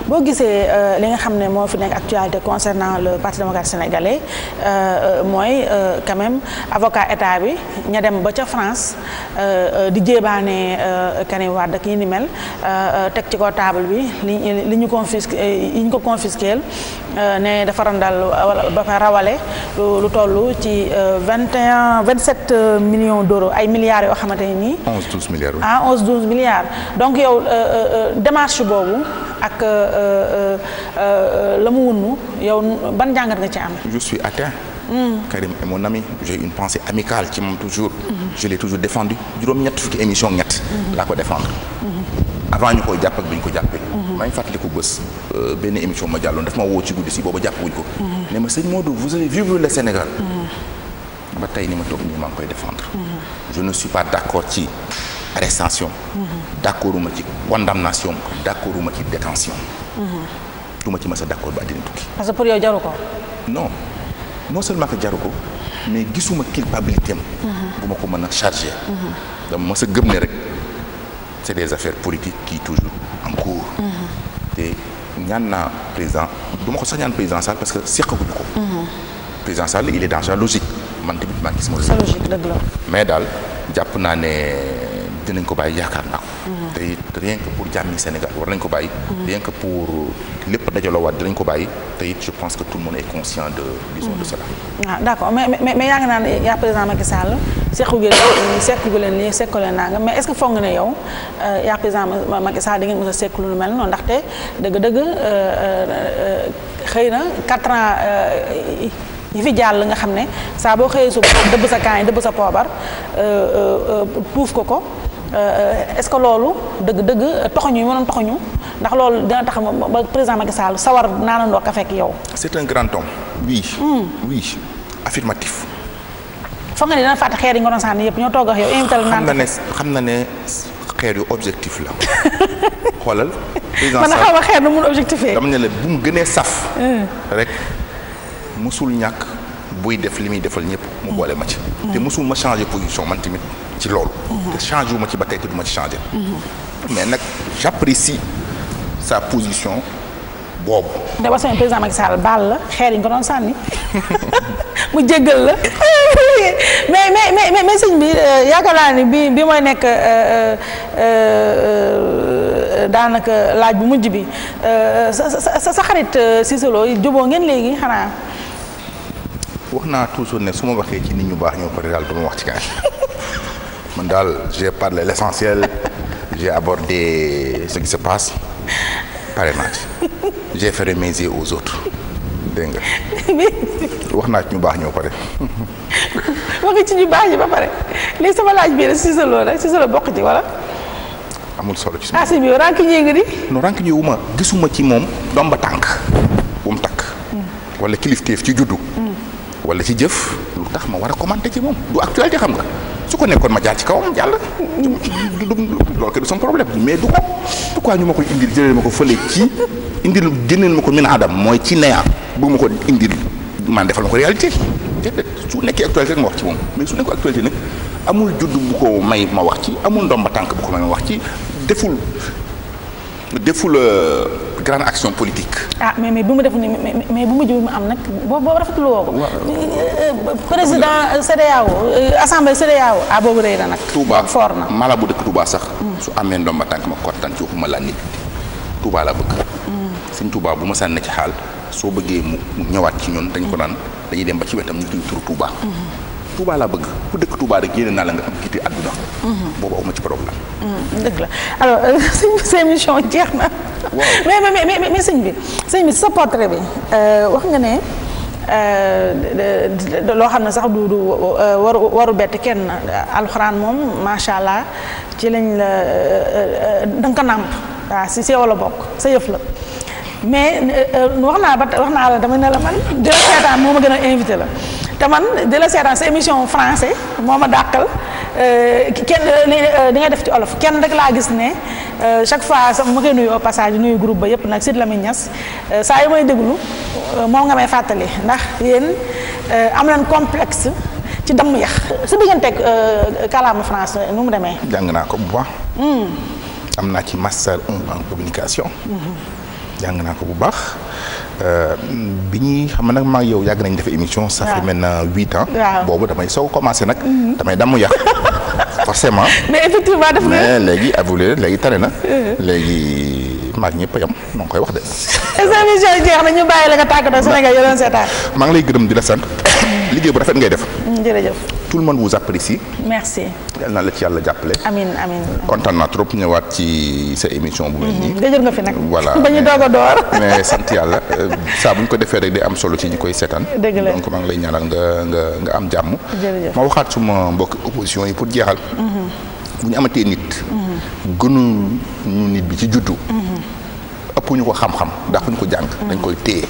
boo gisee li nga xam ne moo fi nekk actualité concernant le parti démocrate sénégalais mooy quand même avocat état bi ña dem ba ca France di jéebaane Karim Wade ak yi ni mel teg ci ko table bi li li ñu confisque ko confisqueel ne dafa randal ba fa rawale lu toll ci 21. cent vingt sept euh, millions d' euros ay milliards yoo xamante ne nii. onze douze milliards ah donc yow euh, euh, démarche boobu ak la mu wunnu yow ban jàngat nga ci am. je suis atteint. Mmh. Karim est mon ami j'ai une pensée amicale ci moom toujours. Mmh. je l'ai toujours défendu juróom-ñett fukki émission ñett. laa ko défendre. avant ñu koy jàpp bi ñu ko jàppee. maa ngi fàttaliku bés. benn émission ma jàlloon daf ma woo ci guddi si booba jàppaguñ ko. Hmm. ne ma sëñ Modou vous avez vu Sénégal. Hmm. ba tey ni ma toog nii maa ngi koy défendre. je ne suis pas d' accord ci arrestation. d' ci condamnation d' ci détention. du ma ci mës a d' accord ba àddina tukki. parce que pour yow jaru ko. non non seulement que jaru ko mais gisuma culpabilité bu ma ko mën a chargé. dama mës a gëm ne rek c' est des affaires politiques qui toujours en cours. te ñaan naa président du ma ko sax ñaan président Sall parce que seqaguñu ko. président Sall il est dans man tamit maa ngi gis ma. dëgg la mais daal jàpp naa ne dinañ ko bàyyi yaakaar naa ko. Mhm. te it rien que pour jàmmi Sénégal war nañ ko bàyyi. Mhm. rien que pour lépp dajaloo waat dinañ ko bàyyi te it je pense que tout le monde est conscient de disons de mhm. cela. waaw ah, d' mais mais mais yaa ngi naan yaa président Macky Sall sequ gu leen leen nii sequ leen naa nga mais est ce que foog nga ne yow euh, yaa président Macky Sall da ngeen mën a seq lu mel noonu ndaxte dëgg-dëgg euh, euh, xëy na 4 ans. yi fi jàll nga xam ne saa boo xëyee suba dëbb sa kaani dëbb sa poobar tuuf euh, euh, euh, ko ko est-ce que loolu dëgg dëgg toxuñu yi mënoon toxuñu ndax loolu dina tax ba présent Macky Sall sawar naanandoo kafe yow. c'est un grand homme. oui. Hmm. oui affirmatif. foog nga ne dina fàtte xeer yi nga doon sànni yëpp ñoo toog ak yow invité la xam na ne xam na xeer yu objectif la xoolal. président Sall man xaw ma xeer nu mu objectifé. dama ne la bu mu gënee saf. Hmm. rek. musul ñàkk buy def li muy defal ñëpp mu boole ma ci te musul ma changé position man tamit ci loolu te changé wu ma ci ba tey te du ma ci changé mais nag j'apprécie sa position boobu dama sama président Macky Sall baal la xeer yi nga doon sànni mu jéggal la mais mais mais mais sëñ bi euh, naa ni bi bi mooy nekk euh, euh, daanaka laaj bu mujj bi sa sa sa xarit Cissé Lo juboo ngeen léegi xanaa wax naa toujours ne su ma waxee ci nit ñu baax ñoo pare daal du ma wax ci keneen man daal j'ai parlé l'essentiel j'ai abordé ce qui se passe pare naa ci j'ai fait mes aux autres dégg nga wax naa ci ñu baax ñoo pare. wax ci ñu baax ñi ba pare léegi sama laaj si sa rek si sa bokk ci wala. amul solo ci sama. ah si biir rànkuñee nga di. non rànkuñee wu gisuma ci moom domba tànk bu mu takk. Hmm. wala kilifteef ci juddu. wala ci jëf lu tax ma war a commenter ci moom du actualité xam nga su ko nekkoon ma jaar ci kawam jàll du du loolu du sama problème mais du ko pourquoi ma koy indil jëlee ma ko fële ci indil génneel ma ma ko indil man defal ma ko réalité déedéet su nekkee actualité nga wax ci amul judd ma tànk bu ko may ma wax ci deful deful. Euh, grande action politique. ah mais mais bu mu def nii mais bu mu jiw mu am nag boobu boobu rafetlu woo ko. Euh, président CEDEAO euh, assemblée CEDEAO ah boobu na nag. Touba fort na mala bu dëkk Touba sax. su amee ma tànk ma kontaan ci waxuma laa nit Touba la bëgg. Mm. sëñ Touba bu ma sànni ci xaal soo bëggee mu ñëwaat ci ñun dañ ko naan dañuy dem ba ci wetam ñu tudd turu Touba. Mm-hmm. Touba bëgg ku dëkk Touba rek yéene naa la nga am kiti àdduna. Mhm. boobu aw ma ci problème. Mhm. dëgg la alors euh, jeex na. waaw mais bi sëñ bi sa bi euh, wax nga euh, loo xam ne sax du du waru kenn alxuraan moom macha allah ci lañ la danga ko nàmp waaw si seew la bokk sa yëf la mais wax naa ba wax naa la dama man dina seetaan moo ma gën a invité la te man di la seetaan émission français moo ma dàqal euh, kenn euh, euh, li nga def ci olof kenn rek laa gis ne chaque fois sama ma koy nuyu au passage nuyu groupe ba yëpp nag Sidy Lamine Niass saa yu may déglu moom nga may fàttali ndax yéen am leen complexe ci damm yax sa digganteeg kàllaama français nu mu demee. jàng naa ko bu baax. Hmm. am naa ci master 1 en communication. Hmm. jàng naa ko bu baax. Euh, bi ñuy xam nag maa yow yàgg nañ def émission. ça fait maintenant huit ans. boobu damay soo commencé nag. Mm-hmm. damay damm yàq forcément. mais effectivement def na léegi avoué léegi tane na. Mm-hmm. léegi maag ñëpp yam maa ngi koy wax de. émission bi jeex na ñu bàyyi la nga tàggatoo Sénégal seetaan. maa ngi lay gërëm di la sant liggéey bu rafet ngay def. Mm, tout le monde vous apprécie. merci. yal na la ci yàlla jàppale. amiin amiin kontaan naa trop ñëwaat ci sa émission. bu mel nii dëjër mm-hmm. nga fi nag. voilà ba ñu doog a door. mais sant yàlla euh, saa bu ñu ko defee rek di am solo ci ñi koy seetaan. dëgg la donc maa ngi lay ñaanal nga nga nga am jàmm. ma waxaat suma mbokk opposition yi pour jeexal. Mm-hmm. bu ñu amatee nit. Mm-hmm. gënuñu nit bi ci juddu. ëpp ñu ko xam-xam ndax fu ñu ko jàng. dañ koy téye.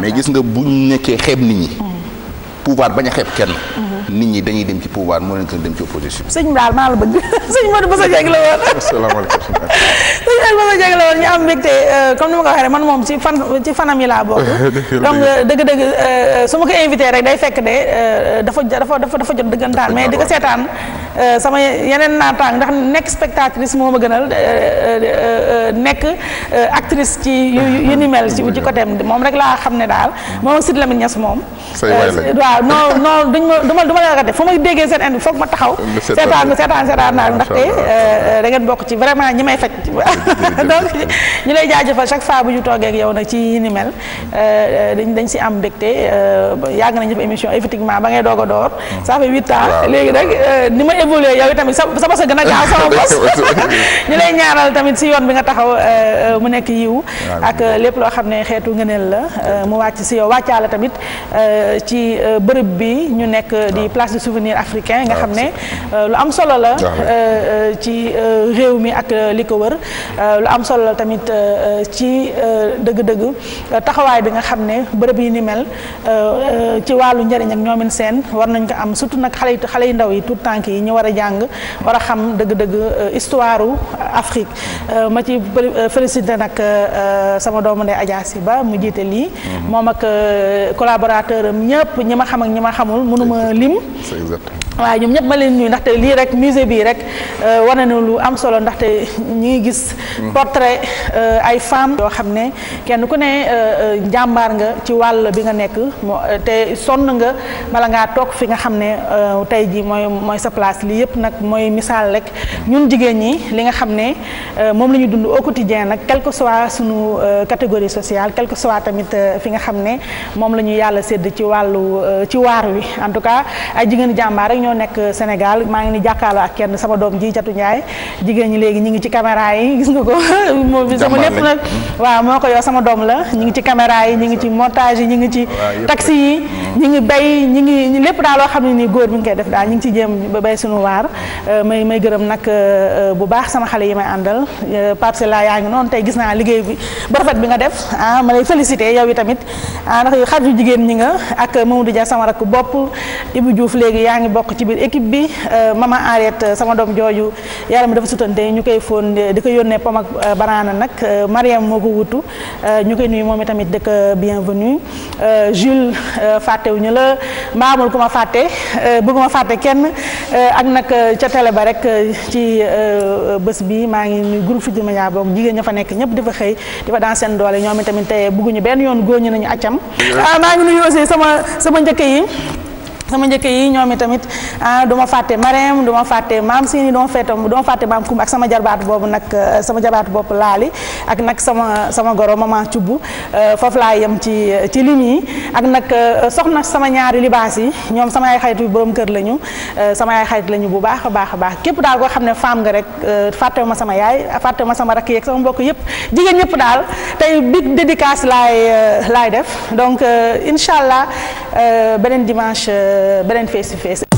mais gis nga bu ñu nekkee xeeb nit ñi. pouvoir bañ a xeeb kenn. Mhm. nit ñi dañuy dem ci pouvoir moo leen gën dem ci opposition. sëñ Mbaal maa bëgg sëñ Modou Bousso Dieng la la woon ñu am mbégte euh, comme ni ma ko waxee man moom ci fan ci fanam yi laa bokk. donc dëgg-dëgg euh, su ma ko rek day fekk de euh, dafa dafa dafa jot dëggantaan mais di ko seetaan sama yeneen naataang ndax nekk spectatrice moo ma gënal nekk actrice ci yu yu ni mel ci côté moom rek laa xam ne daal moom Sidy Lamine Niass moom. say waay waaw non non ma du ma du ma la def fu may déggee seen indi foog ma taxaw. seetaan seetaan seetaan naa ndaxte euh, da ngeen bokk ci vraiment ñi may faj. donc ñu lay jaajëfal chaque fois bu ñu toogee ak yow nag ci yi ni mel euh, dañ dañ si am mbégte euh, yàgg nañu def émission effectivement ba ngay doog a door. Mm. ça fait huit ans léegi nag ni ma évolué yow itamit sa sa bos a gën a gaaw sama bos. ñu lay ñaaral tamit si yoon bi nga taxaw mu nekk yiw ak lépp loo xam ne xeetu ngëneel la mu wàcc si yow wàccaale tamit ci. bërëb bi ñu nekk di ah. place de souvenir africain nga ah, xam ne euh, lu am solo la euh, euh, ci réew mi ak li ko wër lu am solo la tamit ci dëgg-dëgg taxawaay bi nga xam ne bërëb yi ni mel ci wàllu njëriñ ak ñoomin seen war nañ ko am surtout nag xale yi xale yu ndaw yi tout tànk yi ñu war a jàng war a xam dëgg-dëgg histoire Afrique ma ci félicité nag sama doomu ndey Adja Siba mu jiite lii mm-hmm. moom ak collaborateur am ñi ma xam ak ñi ma ñoom ñëpp ma leen nuyu ndaxte lii rek musée bii rek euh, wane na lu am solo ndaxte ñu ngi gis hmm. portrait euh, ay femmes yoo xam ne kenn ku ne euh, jàmbaar nga ci wàll bi nga nekk te sonn nga bala ngaa toog fi nga xam ne tey ji mooy mooy sa place lii yëpp nag mooy misaal rek ñun jigéen ñi li nga xam ne moom la ñu dund au quotidien nag quel que sunu catégorie social quel que tamit fi nga xam ne moom la yàlla sédd ci wàllu ci waar wi en tout cas ay jigéenu jàmbaar rek ñoo nekk Sénégal maa ngi ni jàkkaarloo ak kenn sama doom ji Catou Ndiaye jigéen ñi léegi ñu ngi ci caméra yi gis nga ko moom bi sama lépp sama doom la ñu ngi ci caméra yi ñu ngi ci montage yi ñu ngi ci taxi yi mm. ñu ngi bay ñu ngi lépp daal loo xam ne nii góor bi nga koy def daal ñu ngi ci jéem ba bay suñu waar euh, may may gërëm nag euh, bu baax sama xale yi may àndal euh, Pape yaa ngi noonu tey gis naa liggéey bi bi nga def ah ma yi tamit ah, sama rakk bopp Ibou Diouf léegi yaa ngi bokk ci biir équipe bi euh, mama arrête sama doom jooju yaram mi dafa sutante ñu koy fóon di ko yónnee pom ak euh, banaana nag euh, Mariam moo ko wutu ñu koy nuyu moom itamit dëkk bienvenue Jules fàttewuñu la mbaamul ku ma fàtte bëgguma fàtte kenn ak nag ca tele ba rek ci bés bi maa ngi nuyu groupe Futurs Médias boog jigéen ña fa nekk ñëpp di fa xëy di fa daan seen doole ñoom itamit tey bëgguñu benn yoon góoñu nañu accam njëkk yi sama njëkk yi ñoom itamit ah du ma fàtte Marème du ma fàtte maam Sini du ma fàtte du ma fàtte maam Koum ak sama jarbaatu boobu nag euh, sama jarbaatu bopp laali ak nag sama sama goro maman Thioub euh, foofu laa yam ci euh, ci lim yi ak nag soxna sama ñaari libaas yi ñoom sama ay xarit yu borom kër lañu sama ay xarit lañu bu baax a baax a baax képp daal koo xam ne femme nga rek fàttewu ma sama yaay fàttewu ma sama rakk yeeg sama mbokk yëpp jigéen ñëpp daal tey big dédicace laay laay def donc incha allah beneen dimanche. beneen face to face